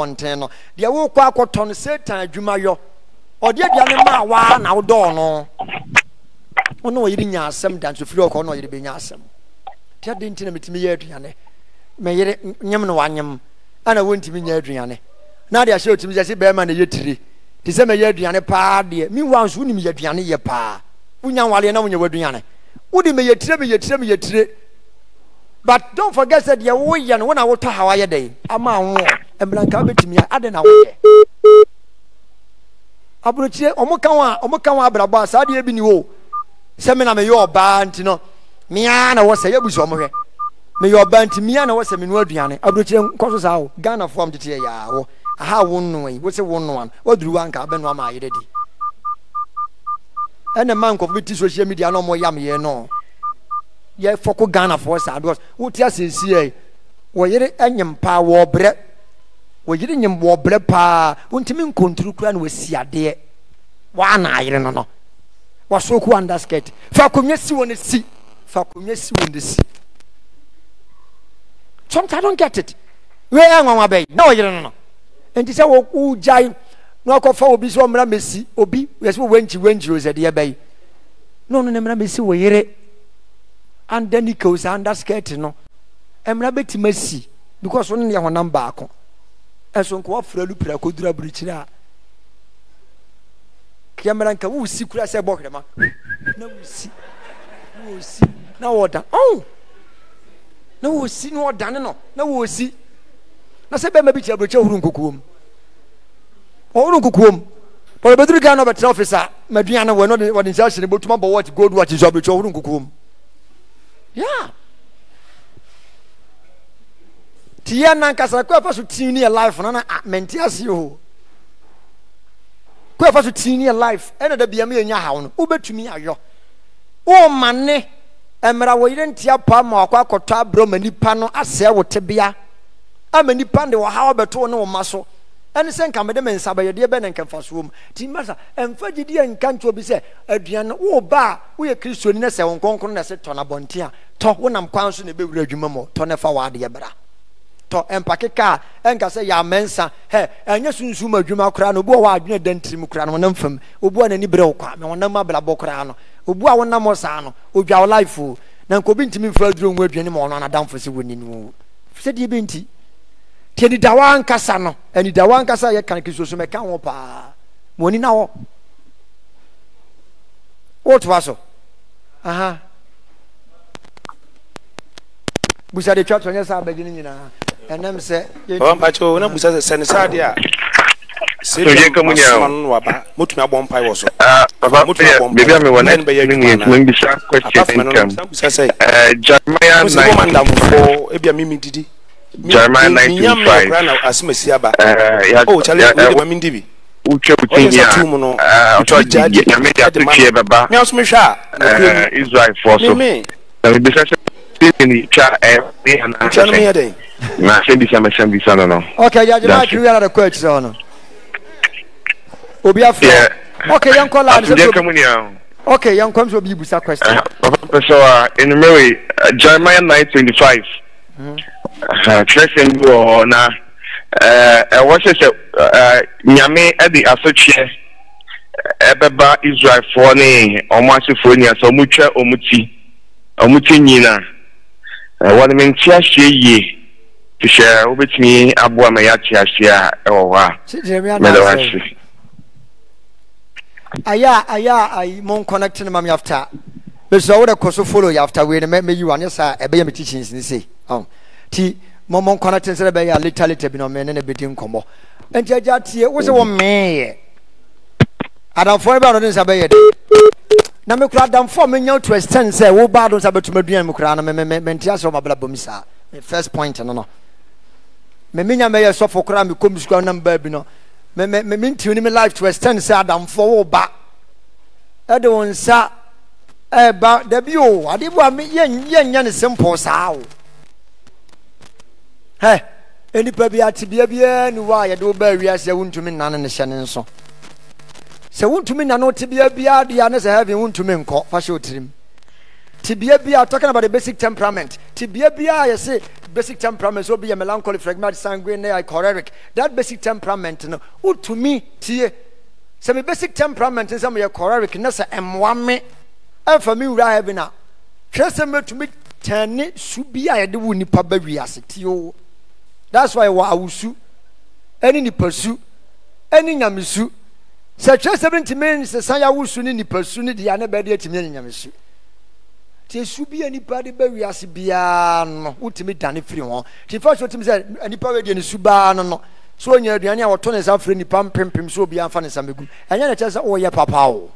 wɔnten no deɛ wokɔ akɔtɔ no satan adwuma yɔ ɔde aduane maa waa na wodɔɔ no wɔn wɔ yiri nya asɛm danso firi ɔkɔ wɔn wɔ yiri bɛ nya asɛm deɛ de ntina mitumi yɛ aduane mɛ yere nyɛm no wanyɛm ɛna wɔntumi nya aduane na deɛ ahyɛ otumi sɛ si bɛrima na yɛ tiri te sɛ mɛ yɛ aduane paa deɛ mi wa nso wonim yɛ aduane yɛ na wonya wɔ aduane wodi mɛ yɛ tire mɛ yɛ tire mɛ but don't forget sɛ deɛ woyɛ no na wotɔ ha wayɛ dɛn ama a adɛn na woyɛ aburokyire ɔmo ka a ɔmo ka a saa ebi bi o na meyɛ ɔbaa nti no na na wɔ sɛ menu aduane a yɛ yaa aha yi wosɛ wo nnoa ma yɛ fɔko ghana fɔ saa dɔs wote asiesie yɛ wɔyere enyim paa wɔɔbrɛ wɔyere nyim wɔɔbrɛ paa wɔntumi nkonturu kura na wɔsi adeɛ wɔana ayere no no wɔso ko under skirt fa akonnwa si wɔn si fa akonnwa si wɔn si sometimes i don't get it wei yɛ nwanwa bɛyi na wɔyere no no nti sɛ wɔgyae na wakɔfa obi sɛ ɔmmra mɛsi obi yɛ sɛ wɔwɛnkyi wɛnkyi osɛ deɛ bɛyi na ɔno ne mmra mɛsi wɔyere anda nikew saa anda skirt no mmara bɛtumi asi because wɔn ne yɛ honam baako ɛso nka wafura lupira kodura birikyiri a kìyàmẹ́rẹ́ nka wò si kura sẹ́ bọ́ kìrẹ́mà na wò si wò si na wò dan ɔn na wò si oh! na wò dan no na wò si na sɛ bɛrima bi kyerɛ birikyiri ohuru nkokoɔ mu ohuru nkokoɔ mu pɔlɔ bɛturu gaa na ɔbɛtena ɔfisa mɛduane wɔ na ɔde nsa ahyɛ ne bɔtuma bɔ wɔɔkye gold wɔɔkye zɔ birikyiri ohuru nkokoɔ mu yeah Tia nankasa kó ɛfa so tin ne yɛ life nana a ah, mɛnti ase o kó ɛfa so tin ne yɛ life ɛna da biam yɛ nya haw no wobɛtumi ayɔ wɔma ne mmerɛ wo yere ntia pa ma wakɔ akɔtɔ abrɛ ma nipa no asɛe wo tebea ama nipa de wɔhaw bɛto wo ne wo ma so ɛne sɛ nka mede me nsa bɛyɛdeɛ bɛ ne nkɛmfasoɔ mu nti masa ɛmfa gyedeɛ nka ntoɔ bi sɛ aduane woba a woyɛ kristoni ne sɛ wo nkronkron na ɛsɛ tɔ nabɔnten a tɔ wonam kwan so na ɛbɛwura adwuma mu tɔ ne fa waadeɛ bra tɔ ɛmpakeka a ɛnka sɛ yɛ amɛnsa hɛ ɛnyɛ sunsum adwuma koraa no obi wɔ hɔ adwene da ntirim koraa no wɔnam fam obi wɔ n'ani berɛ wo kwa ma wɔnam abrabɔ koraa no obi a wɔnam saa no odwa wo life o na nka obi ntumi mfa aduro ngu aduane ma ɔno anadamfo sɛ wɔni no sɛdeɛ bɛnti te nidawa nkasa no anidawa nkasa yɛ kan soso so mɛka ho paa mo ani na hɔ wotoa so aha busa de twa to nyɛ saa bɛgye no nyinaa ɛnam sɛ mpakyɛ na busa sɛ sɛne saa deɛ a motumi abɔ mpae wɔ so motumi abɔ mpae jeremia 9 ebia memedidi Jeremiah 19:5. Eh, oh, Charlie, wait a minute. wotwa wo tin yia ɔtɔ nyame de atotwie bɛba israelfoɔ so eh, eh, na mebisa sɛ ne twa ɛne anaasɛ na asɛm bisa mɛsɛm bisa no no ok yɛagyena akiri wiara de kɔ akyirɛ hɔ no obi afrɛ ok yɛnkɔ line sɛdeɛka mu nea ok yɛnkɔ m sɛ obi busa question papa pɛ sɛ a ɛnumere jeremiah 925 kyerɛ sɛ bi wɔ hɔ na eh, ɛwɔ sɛ sɛ eh, nyame de asotweɛ eh, ɛbɛba israelfoɔ ne ɔmo asefoɔ nyina sɛ ɔmo twa ɔmo ti ɔmo ti nyina wɔde me nte ahyɛ yie te sɛ wobɛtumi aboa ma yɛate ahyɛ a ɛwɔ hɔ a mɛdɛ wahye aya aya ayi mo connect ne mam yafta bɛsɛ wode kɔ so follow yafta wei no mɛyi wo ane saa ɛbɛyɛ me teachings ne sei oh. ti mɔmɔ nkɔla ten sɛ bɛyɛ a lita lita bi na ɔmɛ ne na di nkɔmɔ nti agya tie wosɛ wɔ mɛɛyɛ adamfo ɛbɛ ano ne nsa bɛyɛ dɛ na me kura adamfo a menya to extend sɛ wo ba do nsa bɛtuma duane me kura no me me me ntia sɛ ɔmabla bɔ mu saa first point no no me menya mɛyɛ sɔfo kora me kɔm sukura nam baabi no me me me ntiw ne me life to extend sɛ adamfo wo ba ɛde wo nsa ɛɛba dabi o ade bu a yɛn yɛn nyɛ ne simple saa o hɛ enipa bi atibea biara ni hɔ a yɛde woba wiase wontumi nane ne hyɛ ne nso sɛ wontumi nane wotibea biara deɛ ne sɛ heaven wontumi nkɔ fa hyɛ otirim tibia biara talking about the basic temperament tibia biara yɛse basic temperament so bi yɛ melancholy phlegmatic sanguine choleric that basic temperament no wotumi tie sɛ me basic temperament nsɛ meyɛ choleric na sɛ ɛmmoa me ɛmfa me wura heaven a hwɛ sɛ mɛtumi tɛne su bi a yɛde wo nnipa ba wiase tie o that's why wɔ awusu ɛne nipasu ɛne nyamesu sɛ twɛ sɛbi ntumi nsesa yawusu ne nipasu ne deɛ ne bɛɛ de atumi ɛne nyamesu te esu bi a nipa de bɛ wiase biara no wotumi dane firi hɔ te fa so tumi sɛ nipa wɛ deɛ ne su baa no no so onyina aduane a wɔtɔ ne nsa firi nipa mpempem so obiara nfa ne nsa megu ɛnyɛ ne kyɛ sɛ wɔyɛ papa o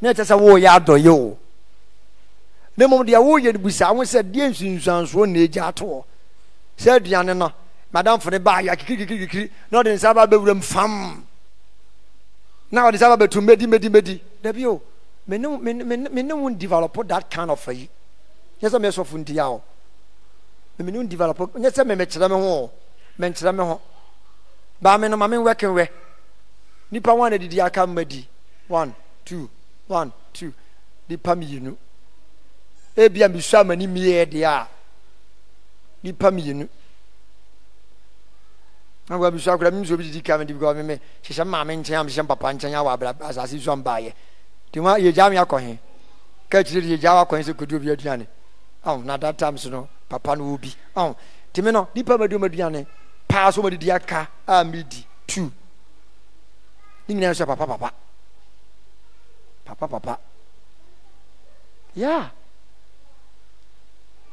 ne kyɛ sɛ wɔyɛ adɔyɛ o ne mu deɛ wɔyɛ busa ahosuo deɛ nsunsuansoɔ na egya atoɔ sɛ aduane no madamfo no baa yɛ kikirikirikiri na ɔde nsa ba bɛwuram fam na ɔde nsa ba bɛtum medi medi medi dabi o mene wo develop that kind of ayi nyɛ sɛ meyɛsɔfo ntia o mene wo develop nyɛ sɛ memekyerɛ me ho menkyerɛ me ho baa me no ma menwɛke nipa wa na didi aka mma di one two one two nipa mmienu ebia mesua m'ani mmiɛ deɛ a nipa mmienu na wa bisu akora mi nso bi didi ka mi di because mi hyehyɛ maame nkyɛn ahyehyɛ papa nkyɛn awɔ abira asase nsuo mbaayɛ ti mu yegya mi akɔ he kɛkyire de yegya akɔ he sɛ kodu obi aduane ɔn na that time so no papa no wo bi ɔn ti mi no nipa ma di ɔmo aduane paa so ɔmo didi aka a mi di two ne nyinaa nso papa papa papa papa yaa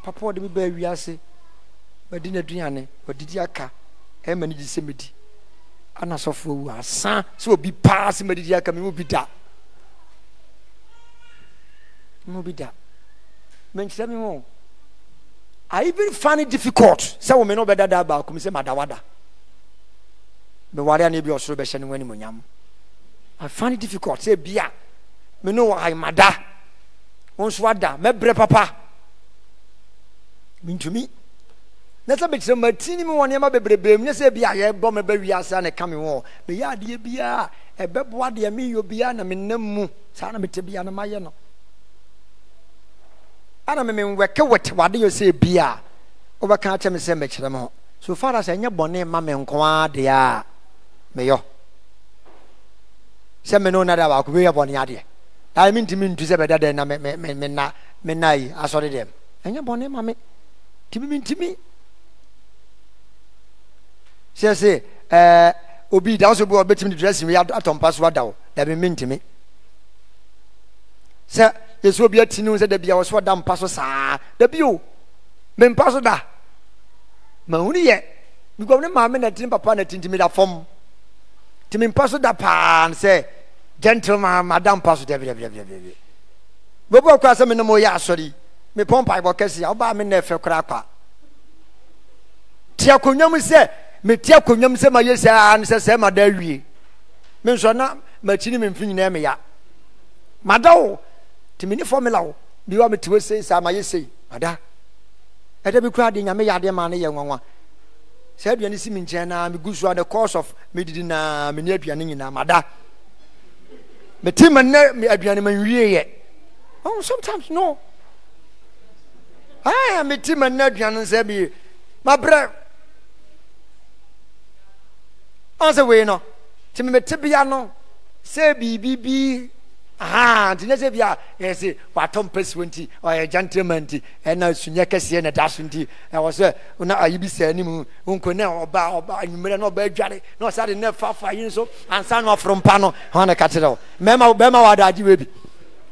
papa ɔde mi ba awi ase mɛdi n'aduane ɔdidi aka ɛma ne gyi sɛ mɛdi ana asɔfoɔ wu asan sɛ obi paa sɛ mɛdidi aka mɛ mu bi da mu bi da mɛnkyerɛ mi mu I even find it difficult sɛ wɔn no bɛda daa baako mi sɛ madawada mɛwari ani bi ɔsoro bɛhyɛ ne ho animonyam I find it difficult sɛ bia mɛ no wɔ ayimada wɔn nso ada mɛbrɛ papa mɛntumi na sɛ mekyerɛ mati nim wɔ nneɛma bebrebree mu ne sɛ bia yɛbɔ me bɛ wiase a ne ka me wɔ meyɛ adeɛ biaa ɛbɛboa deɛ meyɛ biaa na menam mu saa na mete bia no mayɛ no ana me menwɛke wetewade yɛ sɛ bia wobɛka akyɛ me sɛ mekyerɛ me ho so far as ɛnyɛ e bɔne ma me nko a deɛ a meyɔ sɛ me ne wo nada baako bɛyɛ bɔne adeɛ ae mentimi ntu sɛ bɛda na mena yi asɔre dɛm ɛnyɛ e bɔne ma me ntimi mentimi sɛ sɛ ɛɛ obi da so bi wɔ bɛtumi de dressing yi atɔ mpa so ada wo dabi mi ntumi sɛ yesu obi ati ne ho sɛ dabi a wɔso da mpa so saa dabi o mɛ mpa so da mɛ ohun yɛ nkɔm ne maame na ti ne papa na ti ntumi da fam ntumi mpa so da paa sɛ gentleman ma da mpa so dabi dabi dabi dabi gbogbo akɔ asɛ mi ne mo yɛ asɔre mi pɔmpa ibɔ kɛse a ɔbaa mi na ɛfɛ koraa kwa tia akonnwa mu sɛ mete akonnwa mu sɛ maye yɛ saa no sɛ sɛ ma awie me nso na makyi ne memfi nyinaa meya mada wo nti mene fɔmela wo biwa mete wɔ sei saa maye sei Mada ɛda bi koraa deɛ nyame yɛ adeɛ ma no yɛ nwanwa saa aduane si me nkyɛn naa megu so a the course of medidi naa mene aduane nyinaa mada mete ma nnɛ aduane manwieeɛ oh, sometimes no aa mete ma nnɛ aduane nsɛ bi mabrɛ ɔnsɛ wei no nti memetebea no sɛ biribibi aha nti nyɛ sɛ bia yɛ eh, sɛ watɔ mpɛsiwɔ nti ɔyɛ gyantrema nti ɛna eh, sunyɛ kɛseɛ na da so nti ɛwɔ sɛ na ayi bi sɛ anim nko ne ɔba ɔba anwummerɛ na ɔba adware na ɔsa de ne fa yi nso ansa na ɔforo mpa no hɔn ne ka kyerɛ wo mɛma bɛma wadaagye wei bi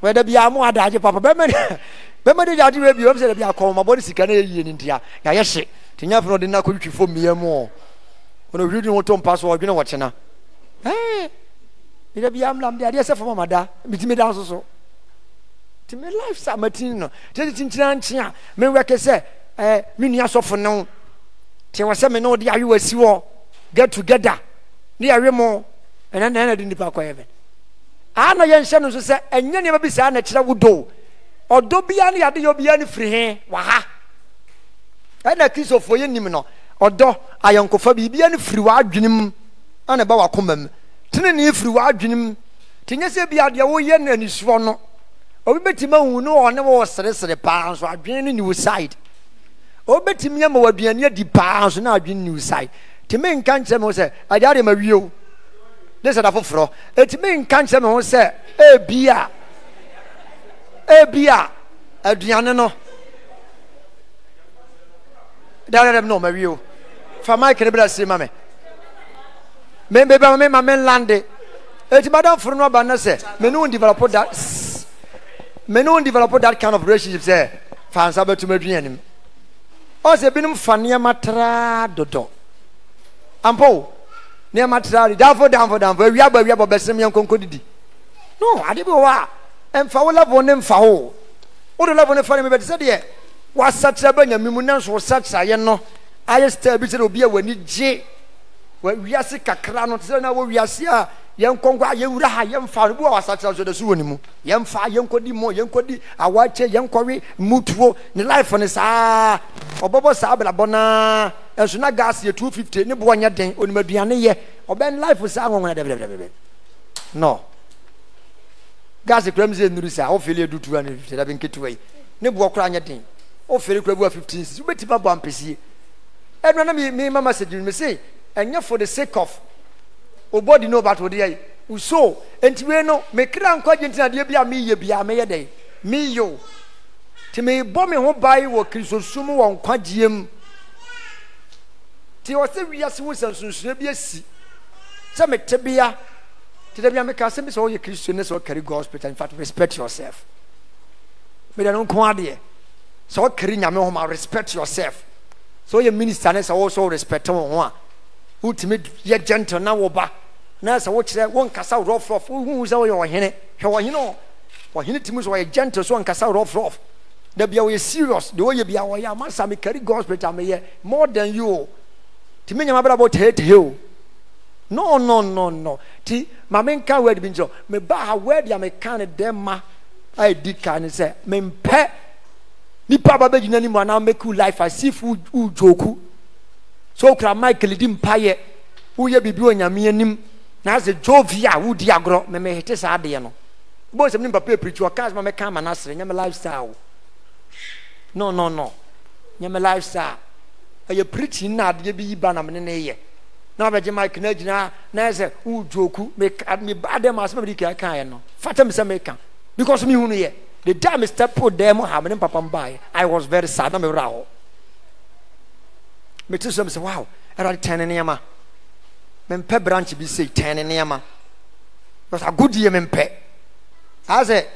wɛda bia mo wadaagye papa bɛma bɛma de daagye wei bi wɔm sɛ da bia kɔn ma bɔ ne sika na yɛ yie ne ntia yɛayɛ hye nti nyɛ afei na ɔde na akɔtwitwi fom yɛ mu ɔ ɔna ohwiri di ho to mpa so ɔdwene wɔkyena ɛɛ ɛdɛ bi amla mde adeɛ sɛ fam ama da mitumi da nso so nti me life sa matini no tete tintina nkye a mewɛke sɛ ɛɛ me nua sɔfo no te wɔ sɛ me ne wo de ayewa si wɔ get together ne yɛwe mo ɛnɛ na ɛna de nipa kɔ heaven aa na yɛnhyɛ no nso sɛ ɛnyɛ nneɛma bi saa na kyerɛ wo do ɔdɔ biara ne yɛade yɛ obiara ne firi he wɔ ha ɛna kristofoɔ yɛ nim no ɔdɔ ayɔnkofa biribia no firi w'adwene mu ana ɛba w'akoma mu tenene firi w'adwene mu te nyɛ sɛ bia deɛ woyɛ no anisoɔ no obi bɛtumi ahu ne wɔ ne wɔwɔ seresere paa nso adwene no new side obi bɛtumi ama w'aduane adi paa nso na adwene new side tumi nka nkyerɛ me ho sɛ ade ade ma wie o ne sɛ da foforɔ etumi nka nkyerɛ me ho sɛ ebia ebia aduane no dɛdɛdɛm na ɔma wie o fa mike ne bra siri ma me me bɛ bɛ me ma me lande eti madam furu ba na sɛ Menu no develop that Menu no develop that kind of relationship sɛ fa nsa bɛtum adwin anim ɔsɛ binom fa nneɛma traa dodɔ ampa o nneɛma traa de danfo danfo danfo awia bɔ awia bɔ bɛsɛm yɛn nkonko didi no ade bi wa. a mfa wo level ne mfa wo wo de level ne fa ne mi bɛ te sɛ deɛ wasatra bɛ nyamimu nanso wosatrayɛ no ayɛ star bi sɛ obi a w'ani gye wiase kakra no sɛ na wɔ wiase a yɛnkɔ nkɔ yɛwura ha yɛmfa no bi wɔ wasakyerɛ so da so wɔ ne mu yɛmfa yɛnkɔdi mɔ yɛnkɔdi awakyɛ yɛnkɔwe mutuo ne life ne saa ɔbɛbɔ saa abrabɔ naa ɛnso na gas yɛ 250 ne boɔ nyɛ den onim aduane yɛ ɔbɛn life saa nwɔnwɔn dɛbɛdɛbɛdɛbɛ no gas kura mu sɛ nnuru saa ɔfɛli edu tuwa ne fifty dabi nketewa yi ne boɔ kura nyɛ den ɔfɛli kura bu wa 15 wobɛtumi abɔ ampesie ɛnua na mi ma message mi se ɛnyɛ for the sake of o body no but o deɛ uso ntiwe no mekira nkwa gyentina deɛ bi a meyɛ bi a meyɛ dɛ meyɛ o te mebɔ me ho ban wɔ kirisosum wɔ nkwagyeɛ mu te wɔ sɛ wiase ho nsɛnsonsua bi asi sɛ mete bea te da bia meka sɛ bi sɛ woyɛ kristo ne sɛ wokari go hospital fact, respect yourself mede no nko adeɛ sɛ wokari nyame homa respect yourself sɛ woyɛ minister ne sɛ wo so respect wo ho a wotumi yɛ gentle na woba na sɛ wokyerɛ wonkasa rɔfrɔf wohu sɛ woyɛ ɔhene hwɛ ɔhene ɔ ɔhene timi so ɔyɛ gentle so ɔnkasa rɔfrɔf da bia wɔyɛ serious deɛ wɔyɛ bia wɔyɛ amasa mekari gospel ta meyɛ more than you o nti menyama brɛ bɔ tehetee o no no no no nti ma menka word bi nkyerɛ mebaa word a meka ne dɛ ma a ɛdi ka ne sɛ mempɛ nipa ba bɛgyina anim anaa make you life as if wodwoku so wokura michael di mpayɛ uye bibi wɔ nyame anim na asɛ jovi a wodi agorɔ memehete saa adeɛ no bɔ sɛm ne papa ɛpirikyi ɔka sɛ mɛka ama no aserɛ nyɛ me lifestyle no no no nyɛ me lifestyle ɛyɛ preaching na adeɛ bi yi ba na mene ne yɛ na wabɛgye michael no agyina na ɛsɛ wodwoku meba dɛ ma asɛm a mede kaakaeɛ no fata me sɛ meka because mehu no yɛ the day me step put there mo hamne papa mbae i was very sad na me ra ho me tu Some say wow era ten ne ma me mpe branch bi say ten ne ma but a good year me mpe i say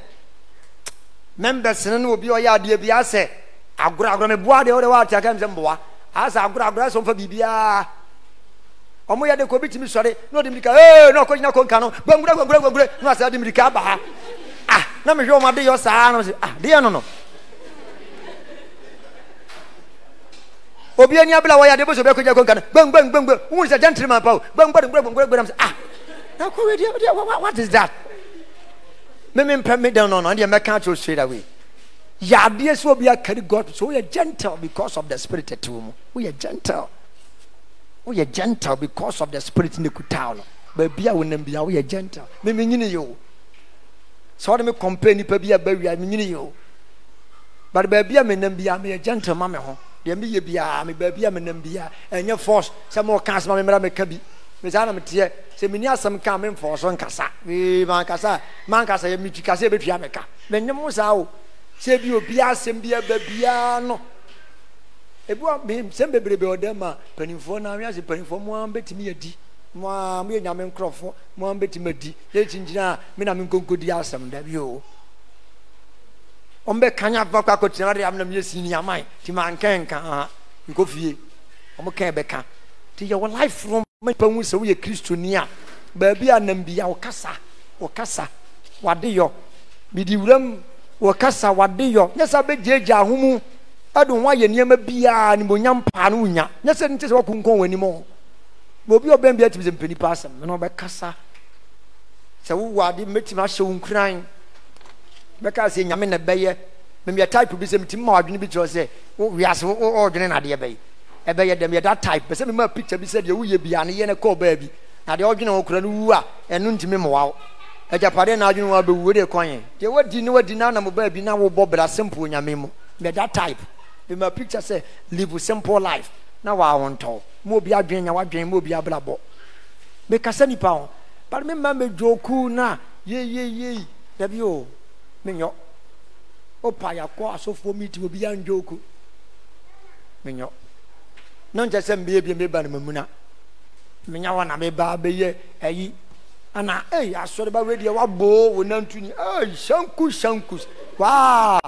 members no obi o ya ade bi i say agura agora me bua de o de wa tia kan sem bua i say agura agora so fa bibia ọmọ yẹ de ko bi tìmi no ní ọdún mìíràn ee náà kọjú náà kọ nǹkan náà gbẹngbẹrẹ gbẹngbẹrẹ gbẹngbẹrẹ ní wàá sẹ ọdún mìíràn bá a. ah let me show my dear na ɔmo ah dear no no obi anya ani abila wɔyɛ ade bɛ sɛ ɔbɛ bang bang. no gbɛngbɛngbɛngbɛ wɔn sɛ gentleman pa bang bang bang bang bang. ah na kɔ wɛ deɛ deɛ what is that mímí mpɛ mi no nɔnɔ ɛdeɛ mɛka ato straight away yadeɛ sɛ obi akari god so we are gentle because of the spirit at wɔ We are gentle We are gentle because of the spirit ne kuta no baabi a wonam bia woyɛ gentle mímí nyini yɛ o. sɛ wɔde me kɔmpɛ nipa bi aba wia menyini yɛ o but baabi a menam biaa meyɛ gyentlema me ho deɛ meyɛ biaa me baabi a menam biaa ɛnyɛ force sɛ mɔka asɛma memmra meka bi mesaa na meteɛ sɛ menni asɛm ka memfɔɔ so nkasa mankasa mankasa yɛ metwi kasa yɛbɛtua meka menyɛ mo saa o sɛ bi obiaa asɛm bi aba biaa no ebi wa sɛm bebrebe ɔdɛ ma panimfoɔ no awea sɛ panimfoɔ mo a bɛtumi yɛdi mo a moyɛ nyame nkurɔfo mo a mbɛtumi adi yɛkyinkyina a me na menkonkɔdi asɛm da bio kanya fa kɔ akɔtena de amena meyɛ siniaman nti mankɛnka a nkɔ fie ɔmo kan bɛka nti yɛwɔ life rom mpa hu sɛ woyɛ kristoni a baabi a nam bia wokasa wɔkasa wade yɔ mede wuram wɔkasa wade yɔ nyɛ sɛ bɛgyaagya ho mu ɛde ho ayɛ nneɛma biaa nimonyam paa no wonya nyɛ sɛ nte sɛ woakonkɔn w'anim obi a ɔbɛn bi atumi sɛ mpanyinpa asɛm na ɔbɛkasa sɛ wowɔ ade mɛtumi ahyɛ wo nkuran bɛka sɛ nyame na ɛbɛyɛ mmea type bi sɛ mtumi ma wadwene bi kyerɛ sɛ wiase wɔɔdwene na adeɛ bɛyɛ ɛbɛyɛ dɛm yɛda type pɛ sɛ mema picture bi sɛ deɛ woyɛ bia ne yɛ no kɔɔ baa bi na deɛ ɔdwene wo kora no wu a ɛno ntumi mmoa wo agyapadeɛ na adwene wo a bɛwu wode kɔnyɛ deɛ wadi ne wadi na anam baa bi na wobɔ bra simple nyame mu mmea da type mema picture sɛ live simple life na wɔawontɔ ma obi adwene nya wadwene ma obi abrabɔ mekasa nipa ho but mema medwoku na yeyeyei dabi o menyɔ wopa yɛkɔ asɔfoɔ meeting obi ya andwoku menyɔ na nkyɛ sɛ mbɛyɛ bia meba no mamuna menya hɔ na meba bɛyɛ ayi ana ei asɔre ba wei deɛ waboo wo nantuni ei shanku shanku waa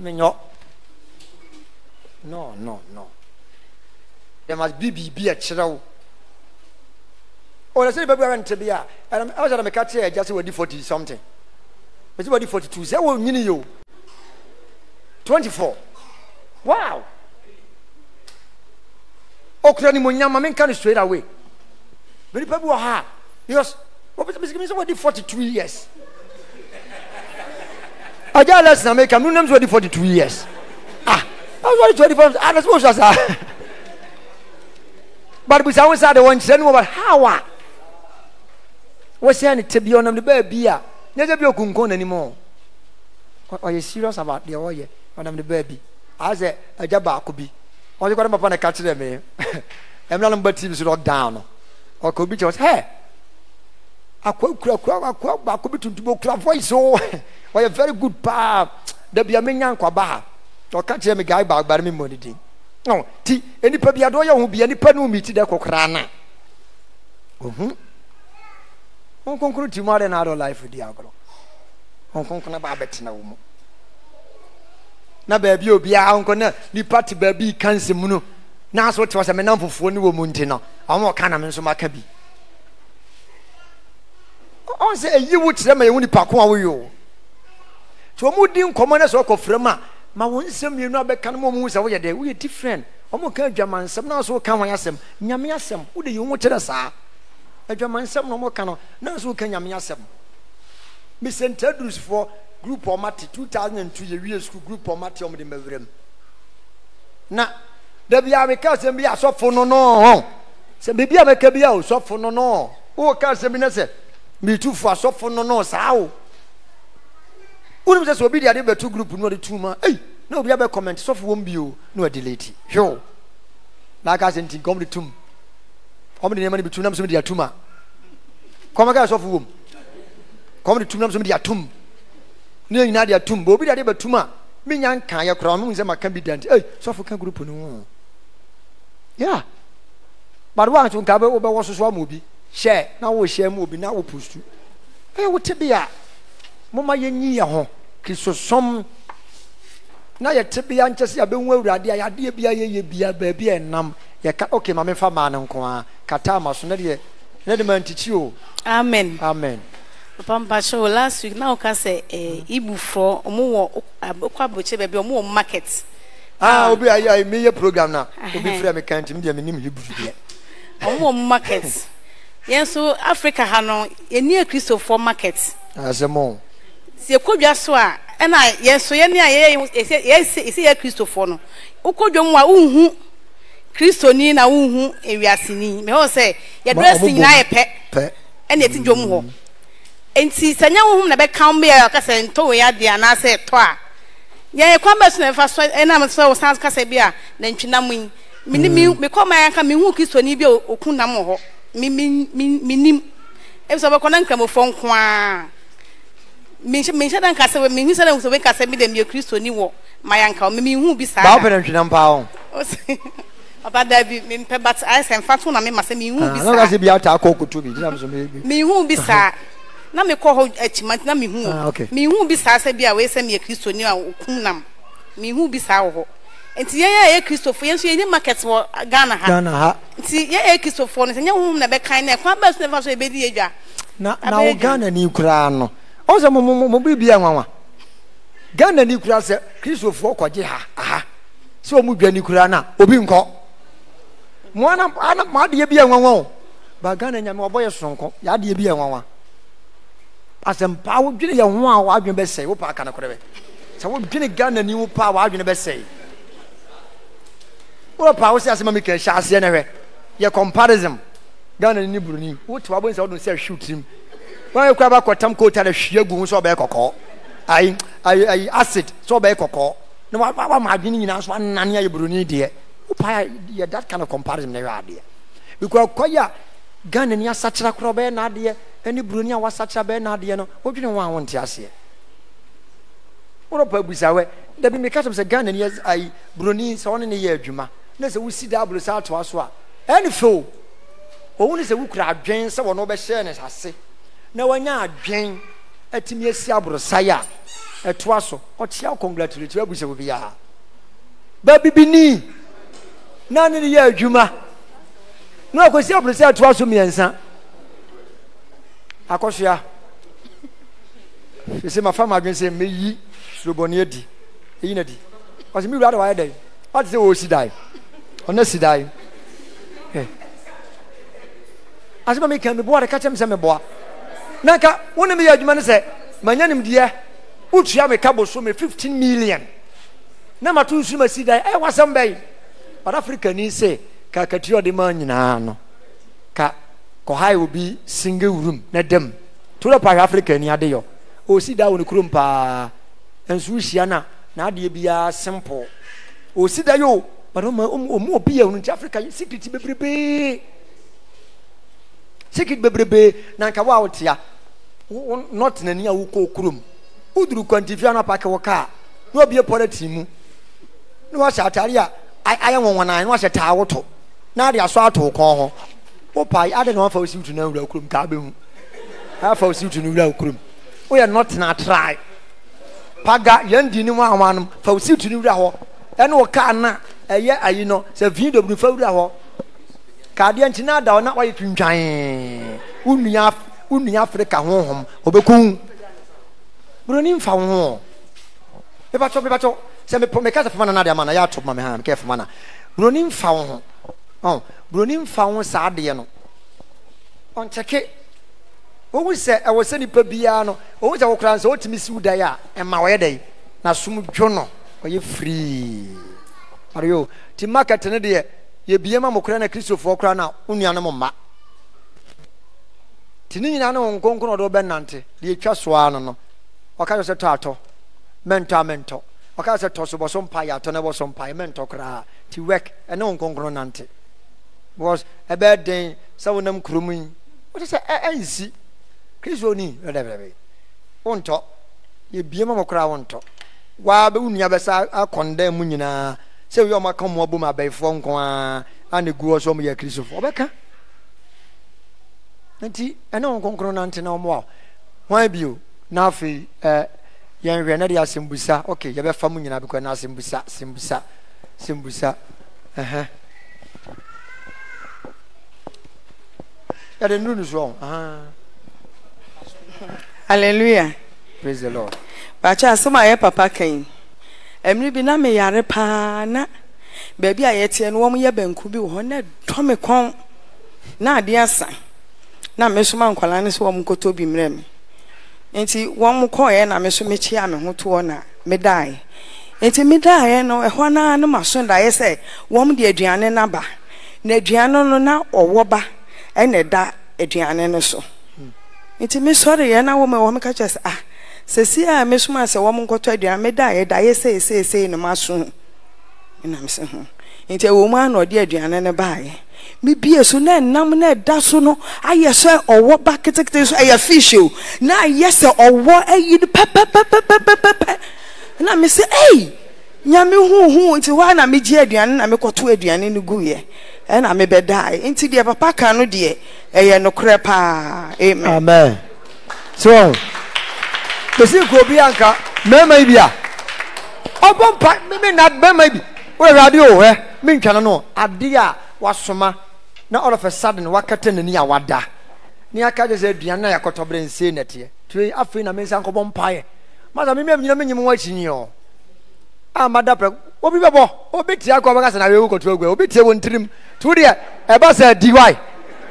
menyɔ no no no there must be biribi ɛkyerɛ wo ɔyɛ sɛ nipa bi ara nte bi a ɛnam ɛwɔ sɛ ɛnam ɛka kyerɛ ɛgya sɛ wɔdi forty something wɔsi wɔdi forty two sɛ wɔn nyini yi o twenty four wow okura oh, ni mo nya ma mi nka ni straight away bɛ nipa bi wɔ ha yɔs wɔbɛsɛ bisiki mi sɛ wɔdi forty two years ɛgya lɛs na mi ka mi nam sɛ forty two years ah ɛwɔ sɛ wɔdi twenty four years ah na sɛ wɔn sɔ but bisa wo sa de wɔn kyerɛ no wɔ how a wɔhyɛ ne tɛ bi ɔnam ne baabi a nyɛ sɛ bi okunkun n'anim o ɔyɛ serious about deɛ ɔyɛ ɔnam ne baabi ayɛ sɛ agya baako bi ɔde kɔ ne papa na ka kyerɛ me ɛmira no ba tv so lockdown no ɔka obi kyerɛ ɔsɛ hɛ akɔ kura kura akɔ baako bi tuntum okura voice o ɔyɛ very good paa dabi a menya nkwaba a ɔka kyerɛ me guy baako baako mi mɔ ne din nti nipa bi adɔ yɛ ho bia nipa no mi ti dɛ kokora na ohun nkonkoro ti mu ade na adɔ laifu di agorɔ nkonkoro ba abɛtena wɔn mu na baabi obiara nko na nipa te baabi kansa mu no n'aso te wɔsɛ menam fufuo ne wɔ mu nti no wɔn ɔka na me nso maka bi ɔn sɛ eyi wo kyerɛ ma ewu nipa ko a woyɛ o tí wɔn mu di nkɔmɔ ne sɛ ɔkɔ fira mu a ma wo nsɛm mmienu abɛka no ma ɔmu sɛ woyɛ dɛ woyɛ different ɔmo ka adwamansɛm na so woka hwan asɛm nyame asɛm wode yi wo ho kyerɛ saa adwamansɛm na ɔmo ka no na so woka nyame asɛm mesɛntadurusfoɔ group ɔmate 2002 yɛwie school group ɔmate ɔmde mmawerɛ na da bia meka asɛm bi asɔfo no no sɛ biribi a mɛka bi a osɔfo no no woka asɛm bi na sɛ meretufo asɔfo no no saa o wonim sɛ sɛ obi di ade bɛto group no ɔde tu ma ei na obi abɛ comment sɔfo wɔm bio na wɔde late hwew na aka sɛ nti nkɔm de tum kɔm de nneɛma no bi tum nam so de atum a kɔm aka sɔfo wɔm kɔm de tum nam so de atum ne nyinaa de atum bɛ obi de ade bɛtum a menya nka yɛ koraa ɔmo nsɛ maka bi da nti ei sɔfo ka group no ho ya bade wa nso nka bɛ wobɛwɔ soso ama obi hyɛ na wohyɛ mu obi na wopostu ɛyɛ wote bi a moma yɛnyi yɛ ho kristosom na yɛte bia nkyɛ sɛ yɛbɛhu awurade a yɛadeɛ bia yɛyɛ bia baabi a ɛnam yɛka ok ma memfa maa no nko a kata ama so ne deɛ ne de mantikyi o amen amen pampakyɛw last week na woka sɛ eh, ibufoɔ ɔmo wɔ kɔ abɔkyɛ baabi ɔmo wɔ market ah, ah. obi meyɛ program na obi frɛ me kanti nti mi deɛ menim hebrew deɛ ɔmo wɔ market yɛn so africa ha no yɛni akristofoɔ market asɛm o sɛ yɛkɔ dwa so a ɛna yɛn so yɛn a yɛyɛ yɛ kristofoɔ no wokɔ dwom a wohu kristoni na wohu ewiaseni mɛhɔ sɛ yɛdrɛ si nyinaa yɛ pɛ ɛna yɛti dwom hɔ nti sɛ nyɛ wohum na bɛka wo mbɛyɛ ɔkasɛ ntɔ wɔ yɛ adeɛ anaasɛ tɔ a yɛn kwan bɛ so na ɛfa so ɛnam so san kasa bi a nantwi nam yi mini mm. mekɔ maa yɛn ka kristoni bi a oku nam hɔ mi mi mi na nkramofoɔ mehyɛda nka sɛ mehu sɛ dɛ sɛ wɛka sɛ medɛ meyɛ kristoni wɔ mayanka wo memehu bi saa bawopɛ ntwena mpa wo papa da bi mempɛ but ayɛ ah, sɛ mfa to na mema sɛ mehu bi saa sɛ bia wotaa kɔ koto bi gyina msɛ mehu bi saa na mekɔ hɔ akyima nti na mehu mehu bi saa sɛ bia wɔyɛ sɛ meyɛ kristoni a wokum nam mehu bi saa wɔ hɔ nti yɛn a yɛ kristofo yɛn nso yɛn nye market wɔ ghana ha ghana ha nti yɛn a yɛ kristofo no sɛ nyɛ huhum na bɛkan na ɛkwan bɛɛ so na ɛfa so ebedi yɛ dwa na na wo ghana ni koraa no ɔn sɛ mo mo mo bi bi ɛnwanwa ghana ni kura sɛ kristofoɔ kɔgye ha aha sɛ ɔmo dwa ni kura na obi nkɔ mo ana ana mo adeɛ bi ɛnwanwa o ba ghana nyame ɔbɔ yɛ soronko yɛ adeɛ bi ɛnwanwa asɛmpa wo dwene yɛ ho a wadwene bɛsɛe wo paa ka no korɛ bɛ sɛ wo dwene ghana ni wo paa wadwene bɛsɛe wo paa wo sɛ asɛm a meka hyɛ aseɛ ne hwɛ yɛ comparison ghana ni buroni wo te wabɔ sɛ wodom sɛ hwe tirim wọn yɛ kura bá kɔtam kóòtù ara hwie gu sɛ ɔbɛyɛ kɔkɔɔ ayi ayi ayi acid sɛ ɔbɛyɛ kɔkɔɔ na wa wa ma adwene nyinaa so anani ayɛ buroni deɛ wopa yɛ that kind of comparison na yɛ adeɛ because kɔyɛ a ghana ni asakyera kora ɔbɛyɛ n'adeɛ ɛne buroni a wasakyera bɛyɛ n'adeɛ no wodwene wɔn a wɔn nte aseɛ wɔrɔpa busa wɛ dabi mi kasa mi sɛ ghana ni ayi buroni sɛ ɔne ne yɛ adwuma na sɛ wusi da aburo sɛ atoa so a ɛne few owó ni sɛ wukura adwene sɛ wɔn no bɛhyɛ ne ase na wanya adwen atumi asi aborɔsae a ɛtoa so ɔkyea congratulate abusɛ wɔ biaa babibini na ne ne yɛ adwuma na ɔkɔsi aborɔsae atoa so mmiɛnsa akɔsoa ɛsɛ mafa madwen sɛ mɛyi surobɔne adi ɛyi na di ɔsɛ mewura de wayɛ dɛ ɔte sɛ wɔsi dae ɔna si dae eh. asɛma meka meboa de ka kyɛm sɛ meboa na nka wo ne meyɛ adwuma no sɛ manya nimdeɛ wotua me ka boso me fifteen million na mato nsu masi dan ɛyɛ wasɛm bɛyi ɔda afrikani sɛ kakatua ɔde ma nyinaa no ka kɔhae obi singe wurum na dam toro pa afrikani adeyɔ ɔsi da wɔ ne kurom paa nso wohyia na a n'adeɛ biara simple ɔsi da yɛ o bade ɔmu obi yɛ wo no nti afrika secret bebrebee sikit bebrebe na nka wa wote a not n'ani a wokɔ kurom woduru kwantifia no apake kaa na obie pɔlɛtin mu na a ayɛ wɔnwɔnan na taa woto na ade aso ato kɔn ho na wafa osiwutu no kaa o na paga yɛn di mu fa hɔ na ɛyɛ ayi no sɛ kadeɛ nti na ada hɔ na wayɛ twintwan wonua wonua afirika honhom obɛkun buroni nfa ho mepatɔ mepatɔ sɛ meka sɛ fama na nade ama na yɛato ma me ha mekɛ fama na buroni mfa ho ho oh, buroni mfa ho saa adeɛ no ɔnkyɛke wohu sɛ ɛwɔ e sɛ nipa biara no wohu sɛ wokora sɛ wotumi si e wo dae a ɛma wɔyɛ dɛn na som dwo no ɔyɛ firii Mario. nti market no deɛ yɛbie ma mokora na kristofoɔ kora na wo nua no mo mma nti ne nyinaa ne wo nkonko na ɔde wobɛnante deɛ ɛtwa soa no no ɔka sɛ sɛ tɔ atɔ mɛntɔ a mɛntɔ ɔka sɛ tɔ sobɔ so mpa yɛ na ɛbɔ so mpa mɛntɔ koraa nti wɛk ɛne wo nkonkono nante because ɛbɛyɛ den sɛ wonam kurom yi wote sɛ ɛnsi kristo ni ɛdɛbɛdɛbɛ wontɔ yɛbie ma mokora wontɔ waa bɛ wo nua bɛsa akɔndɛ mu nyinaa sɛ wia ɔma ka mo abom abɛyifoɔ nko a ane gu hɔ sɛ ɔmo yɛ kristofoɔ ɔbɛka nti ɛne wo nkronkron nante na ɔmoa hwan bio na afei ɛ yɛnhwɛ na de asɛmbusa ok yɛbɛfa mu nyinaa bɛkɔ na asɛmbusa asɛmbusa asɛmbusa ɛhɛn yɛde nnuru no soɔ hallelujah praise the lord bàtchɛ asɛm a yɛ papa came. mmiri bi na yare paa na beebi a yɛteɛ no wɔn yɛ banku bi wɔ hɔ na ɛdɔ me kɔn na adeɛ asa na me nso ma nkwadaa no sɛ wɔn koto bi mmerɛ mi nti wɔn kɔɔɛ na me nso mekyia me ho toɔ na medaeɛ nti medaeɛ no ɛhɔ na no ma so daeɛ sɛ wɔn di aduane na naba na aduane no na ɔwɔ ba ɛna ɛda aduane no so hmm. nti mesɔre yɛ na wɔn a wɔn ka sɛ ah. sesi a mesoma sɛ wɔn nkɔtɔ aduane meda ayɛ da ayɛ sɛ ese ese na ma so ɛnam sɛ ho nti ɛwɔ mu ana ɔde aduane no baayɛ mibie so na ɛnam na ɛda so no ayɛ sɛ ɔwɔ ba ketekete so ɛyɛ fish o na ayɛ sɛ ɔwɔ ayi no pɛpɛpɛpɛpɛpɛpɛ na me sɛ ɛyi nyame huhu nti hɔ a na megye aduane na mekɔto aduane no guiɛ ɛna mebɛdaeɛ nti deɛ papa ka no deɛ ɛyɛ nokorɛ paa amen, amen. So, bɛsi kuro bi anka mɛɛma yi bi a ɔbɔ mpa mímí na mɛɛma yi bi wɔyɛ radio wɔ hɛ mi ntwa no no adeɛ a wasoma na ɔrɔfɛ sadi na n'ani a wada ne aka gye sɛ aduane na yɛkɔtɔ bere nsee na teɛ tue afei na mensa nkɔbɔ mpaeɛ masa mímí ɛmu nyina mi nyim wɔn akyi nyi ɔ a obi bɛ bɔ obi tie akɔ ɔbɛka sɛ na awie wokɔtɔ ogu obi tie wɔn tirim tu deɛ ɛba sɛ di wae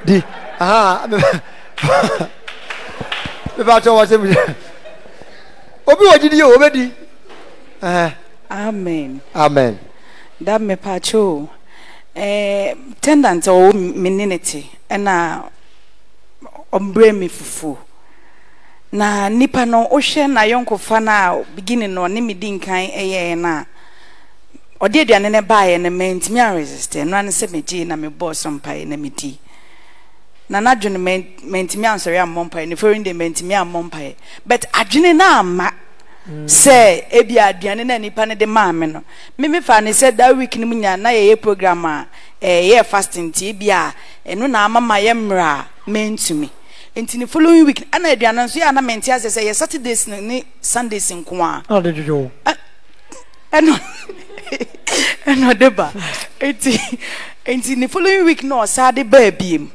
di ahan mepatɔ wɔ sɛ mi. obi wɔ gyidi yɛ obedi. amen. amen. da mmepaakye eh, o ɛɛ tendant a ɔwɔ mi ne ne ti ɛna ɔmbrɛ mi fufuo na nipa no ohwɛ na yɔnkofa na beginning na ɔne mi di nkan ɛyɛ na ɔde aduane ne baayɛ ne mɛ ntumi a resist ɛnua ne sɛ me gye na me bɔ so mpaeɛ na me di. na n'adwene mɛntumi ansɔre ammɔ mpaeɛ ne forin de mɛntumi ammɔ mpaeɛ but adwene no ama sɛ ebi aduane na nipa ne de maa mi no mímí fa ne sɛ that week no mu nyinaa na yɛyɛ program a eh, ɛyɛ fasting ti bi a ɛno na ama ma yɛ mmerɛ a mɛntumi nti ne following week ɛna aduane nso yɛ a na mɛnti asɛ sɛ yɛ saturdays ne sundays nko a. ɛna ɔde dwodwo. ɛna ɛna ɔde ba nti nti ne following week na ɔsan de baa biem.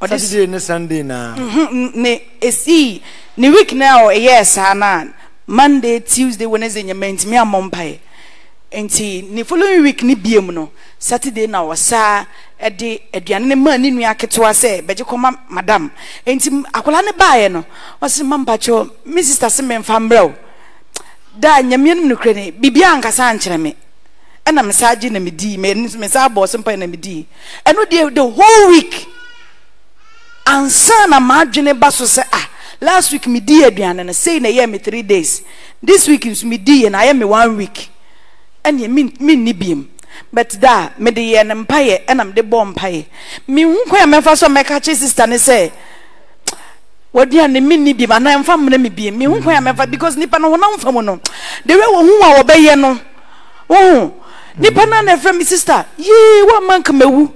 This is ne Sunday na. ne mm-hmm, the eh, week now. Eh, yes, saa ah, Monday Tuesday Wednesday nyɛ mɛ ntumi amɔ mpaeɛ nti the following week ne bie mu Saturday na wɔsaa ɛde eh, aduane ne maa ne nua ketewa but you come, madam nti akwadaa ne baeɛ no ɔsi mma mpakyɛw me sister se mmefa mmerɛw daa nyamea no mu nokura ne biribi ankasa ankyerɛ me ɛna mesaa gye na medii mesaa bɔɔ the whole week and so I'm imagining, sɛ ah last week me di aduane no sei na ɛyɛ me three days this week is me di and I am me one week ɛneɛ me nibim. but da mede yɛ no mpayɛ ɛna mede bɔ mpayɛ mehu kwan a mɛmfa so mɛka catch sister ne sɛ nibim, and I'm from mmena me biem mehu kwan me mɛmfa because nipa no honam fa no the way wɔhu a wɔbɛyɛ no Oh, nipa no na friend me sister what man come mawu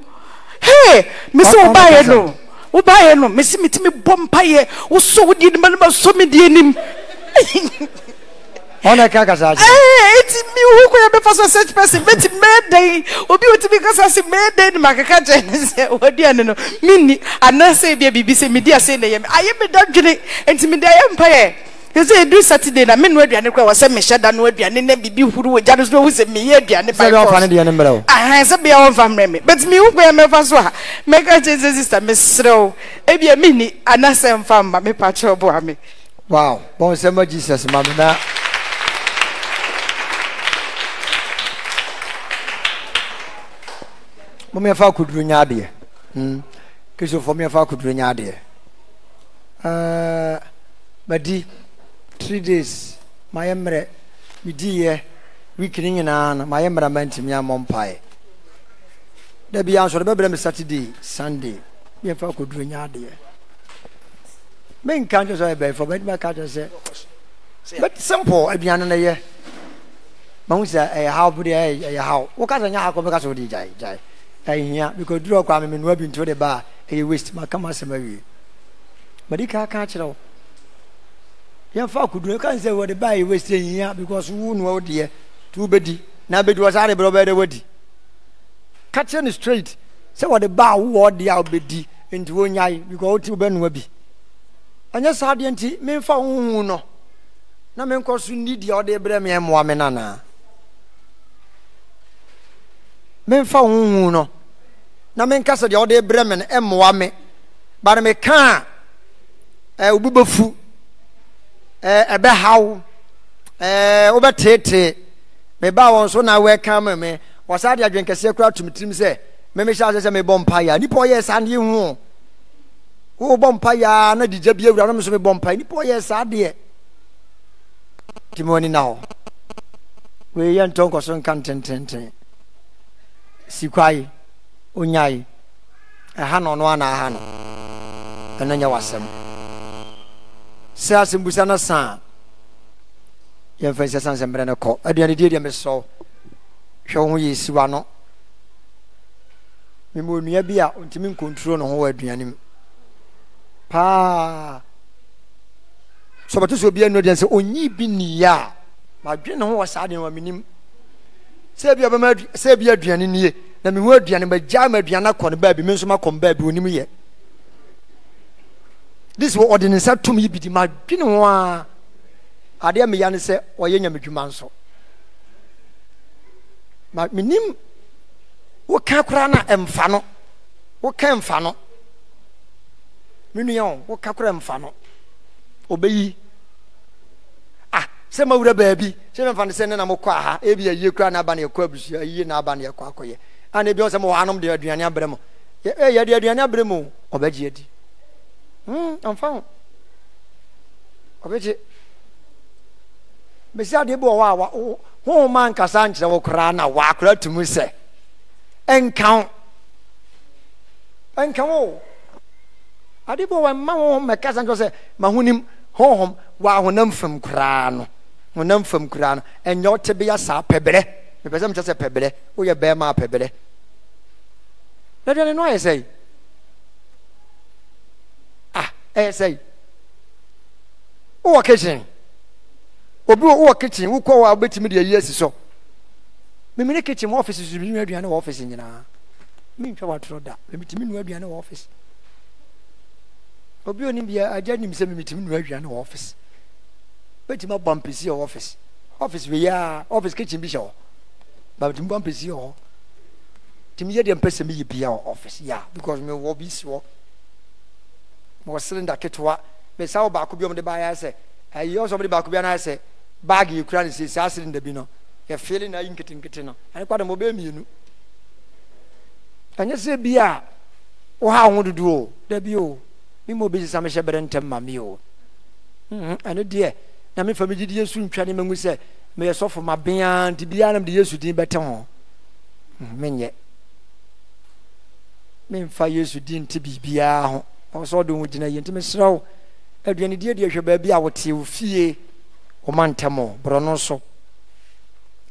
Hey, me sɛ wobaeɛ no wobaeɛ no mesi metumi bɔ mpayɛ wosɔ wo deɛ nima no masɔ me deɛ nim ɔna ɛka kasa ɛnti eh, mewo kɔ yɛbɛfa so search person bɛti mɛdɛn obi wotumi kasa se mɛdɛn ne makeka kyɛ ne sɛ waduane no menni anaasɛ bia biribi sɛ medi asɛ na yɛ ayɛ meda dwene enti mede ayɛ mpayɛ ɛsɛ ɛduru saturday na menu aduane kora wɔ sɛ mehyɛ da no aduane na biribi huru wɔ gya no so wohu sɛ meyɛ aduane baɛmmerɛ sɛ bia wɔmfa mmerɛ me but mehu bɛɛ mɛfa so a mɛka kyɛ sɛ sister meserɛ wo ebia menni anasɛ mfa mma mepa kyerɛ boa me wow bɔn sɛ ma jesus ma me na momɛfa akoduro nya adeɛ fa hmm. kristofoɔ momɛfa akoduro nya adeɛ uh, madi three days mayɛ mmerɛ mediiɛ week no nyinaa no mayɛ mmerɛ ma ntimi amɔ mpaeɛ da bia nso no bɛbrɛ me saturday sunday yɛmfa kɔduro nya adeɛ menka nkyɛ sɛ ɛbɛfo bɛtumi aka kyɛ sɛ but simple aduane no yɛ mahu sɛ ɛyɛ haw bi deɛ ɛyɛ haw woka sɛ nyɛ haw kɔ mɛka sɛ wode gyae gyae ɛhia because duro kɔ a me menua bi nto de ba a e ɛyɛ waste maka ma asɛm awie madi ka aka kyerɛ wo yɛmfa akoduro ka sɛ wɔde baa yɛ wɔsɛ nyia because wo noa wo deɛ nti wobɛdi na bɛdi wɔ saa de berɛ wobɛyɛ dɛ woadi ka kyerɛ no straight sɛ wɔde baa wowɔ deɛ a wobɛdi nti wonyae because woti wobɛnoa bi ɛnyɛ saa deɛ nti memfa wohu no na menkɔ so nni deɛ ɔde berɛ me ɛmmoa me nanaa memfa wohu no na menka sɛ deɛ ɔde berɛ me no ɛmmoa me bare mekaa ɛɛ obi bɛfu ɛbɛhaw eh, eh, ɛɛ eh, wobɛteetee mebaa wɔn so na wɔɛka ma me wɔsaa de adwene kɛseɛ koraa tum tirim sɛ memehyɛ asɛ sɛ mebɔ mpaeɛ nipa ɔyɛɛ saa ne o wobɔ mpaeɛ a na digya bi awura no m so mebɔ mpaeɛ nipa ɔyɛɛ saa deɛ nti ma ɔni hɔ wei yɛ ntɔ nkɔ so nka ntententen sikwae onyae ɛha no ɔno ana aha no ɛno nyɛ wasɛm sɛ asɛmbusa no saa yɛmfa nhyɛ sa nsɛmmerɛ no kɔ aduane die deɛ mesɔ hwɛ wo ho yɛ siwa no mema onua bi a ɔntumi nkonturo ne ho wɔ aduane mu paa sɛ ɔbɛto sɛ obia nu aduane sɛ ɔnyi bi nniɛ a madwene ne ho wɔ saa deɛ wɔ sɛ bi aduane nie na mehu aduane magyaa ma aduane akɔ no baabi me nso makɔ m baabi ɔnim yɛ this wɔ ɔde ne nsa tom yi bi di ma dwene ho a adeɛ meya ne sɛ ɔyɛ nyamadwuma nso ma menim woka koraa na ɛmfa no woka mfa no me woka koraa mfa no ɔbɛyi ah sɛ mawura baabi sɛ memfa no sɛ ne na mokɔ aha ebi ayie koraa na aba ne yɛkɔ abusua ayie na aba ne yɛkɔ akɔyɛ ana ebi ɔ sɛ mowɔ anom de aduane abrɛ mu yɛde eh, aduane abrɛ mu ɔbɛgye adi ɔmfa ho ɔbɛkye bɛsi adeɛ bi wɔ hɔ a wa honhoma nkasa nkyerɛ wo koraa na waakora tumi sɛ ɛnka wo ɛnka wo ade bi wɔ hɔ mma honhom mɛkasa nkyerɛ sɛ ma honim honhom wa honam fam koraa no honam fam koraa no ɛnyɛ wote bɛyɛ saa pɛbrɛ mepɛ sɛ mekyɛ sɛ pɛbrɛ woyɛ bɛrima a pɛbrɛ dɛdeɛ no no ayɛ sɛi ɛyɛ sɛ wowɔ kitchen obi wowɔ kitchen wokɔ hɔ a wobɛtumi de ayi asi so memene kitchen wɔ ɔfise so menua aduane wɔ ɔfise nyinaa mentwa watorɔ da memetumi nua aduane wɔ ɔfise obi onim bia agya nim sɛ memetumi nua aduane wɔ ɔfise bɛtumi abɔ mpesi wɔ ɔfise ɔfise wei a ɔfise kitchen bi hyɛ hɔ bàbàtì mbọ mpèsè yẹ họ tìmí yẹ diẹ mpèsè mi yẹ bia wọ ọfíìsì yà because mi wọ bi si wọ ma wɔ cylinder ketewa mesan wɔ baako bi wɔn de ba ayɛ sɛ ɛyɛ ɔsɔ wɔn de baako bi ayɛ sɛ baagi ekura ne sɛ saa cylinder bi no yɛfeele na ayi nketenkete no ɛne kwadam ɔbɛyɛ mmienu ɛnyɛ sɛ bi a wɔha ho dodo o dabi o mi ma obi sisa mehyɛ bɛrɛ ntɛm ma mi o mm-hmm. ɛno deɛ na mefa me gyidi yesu ntwa ne mahu sɛ meyɛ sɔfo ma bea nti biara nam de yesu din bɛte ho mi mm-hmm. memfa yesu din nte biribiara ho wɔn sɛ ɔde wɔn gyina yie nti mesrɛ wo aduane die deɛ hwɛ baabi a wɔte wo fie wɔma ntɛm borɔno so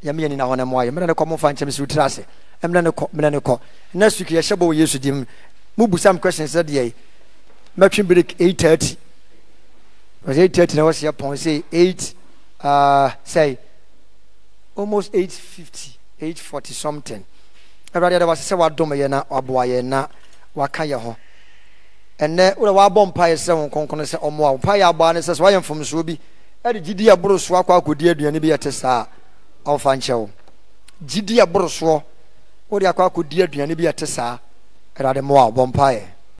yɛmeyɛ nina hɔ no mmoayɛ mmerɛ ne kɔ momfa nkyɛm sɛ wotiri ase mmerɛ ne kɔ mmerɛ ne kɔ na suki yɛhyɛ bɔ wɔ yesu dim mubusam question sɛ deɛ mɛtwe break 830 because 830 na wɔsɛ yɛpɔn sɛ 8 uh, sɛ almost 850 840 something awurade yɛde wasɛ sɛ wadom yɛ na waboa yɛ na waka yɛ ho ɛnɛ wode wabɔ mpaeɛ sɛ wo nkronkron sɛ ɔmmoa wo mpaeɛ abɔa ne sɛ sɛ woayɛ mfomsoɔ bi ɛde gyidi aboro soɔ akɔ akɔdi aduane bi yɛte saa ɔmfa nkyɛ wo gyidi aboro soɔ wode akɔ akɔdi aduane bi yɛte saa ɛde ade mmoa wo bɔ mpaeɛ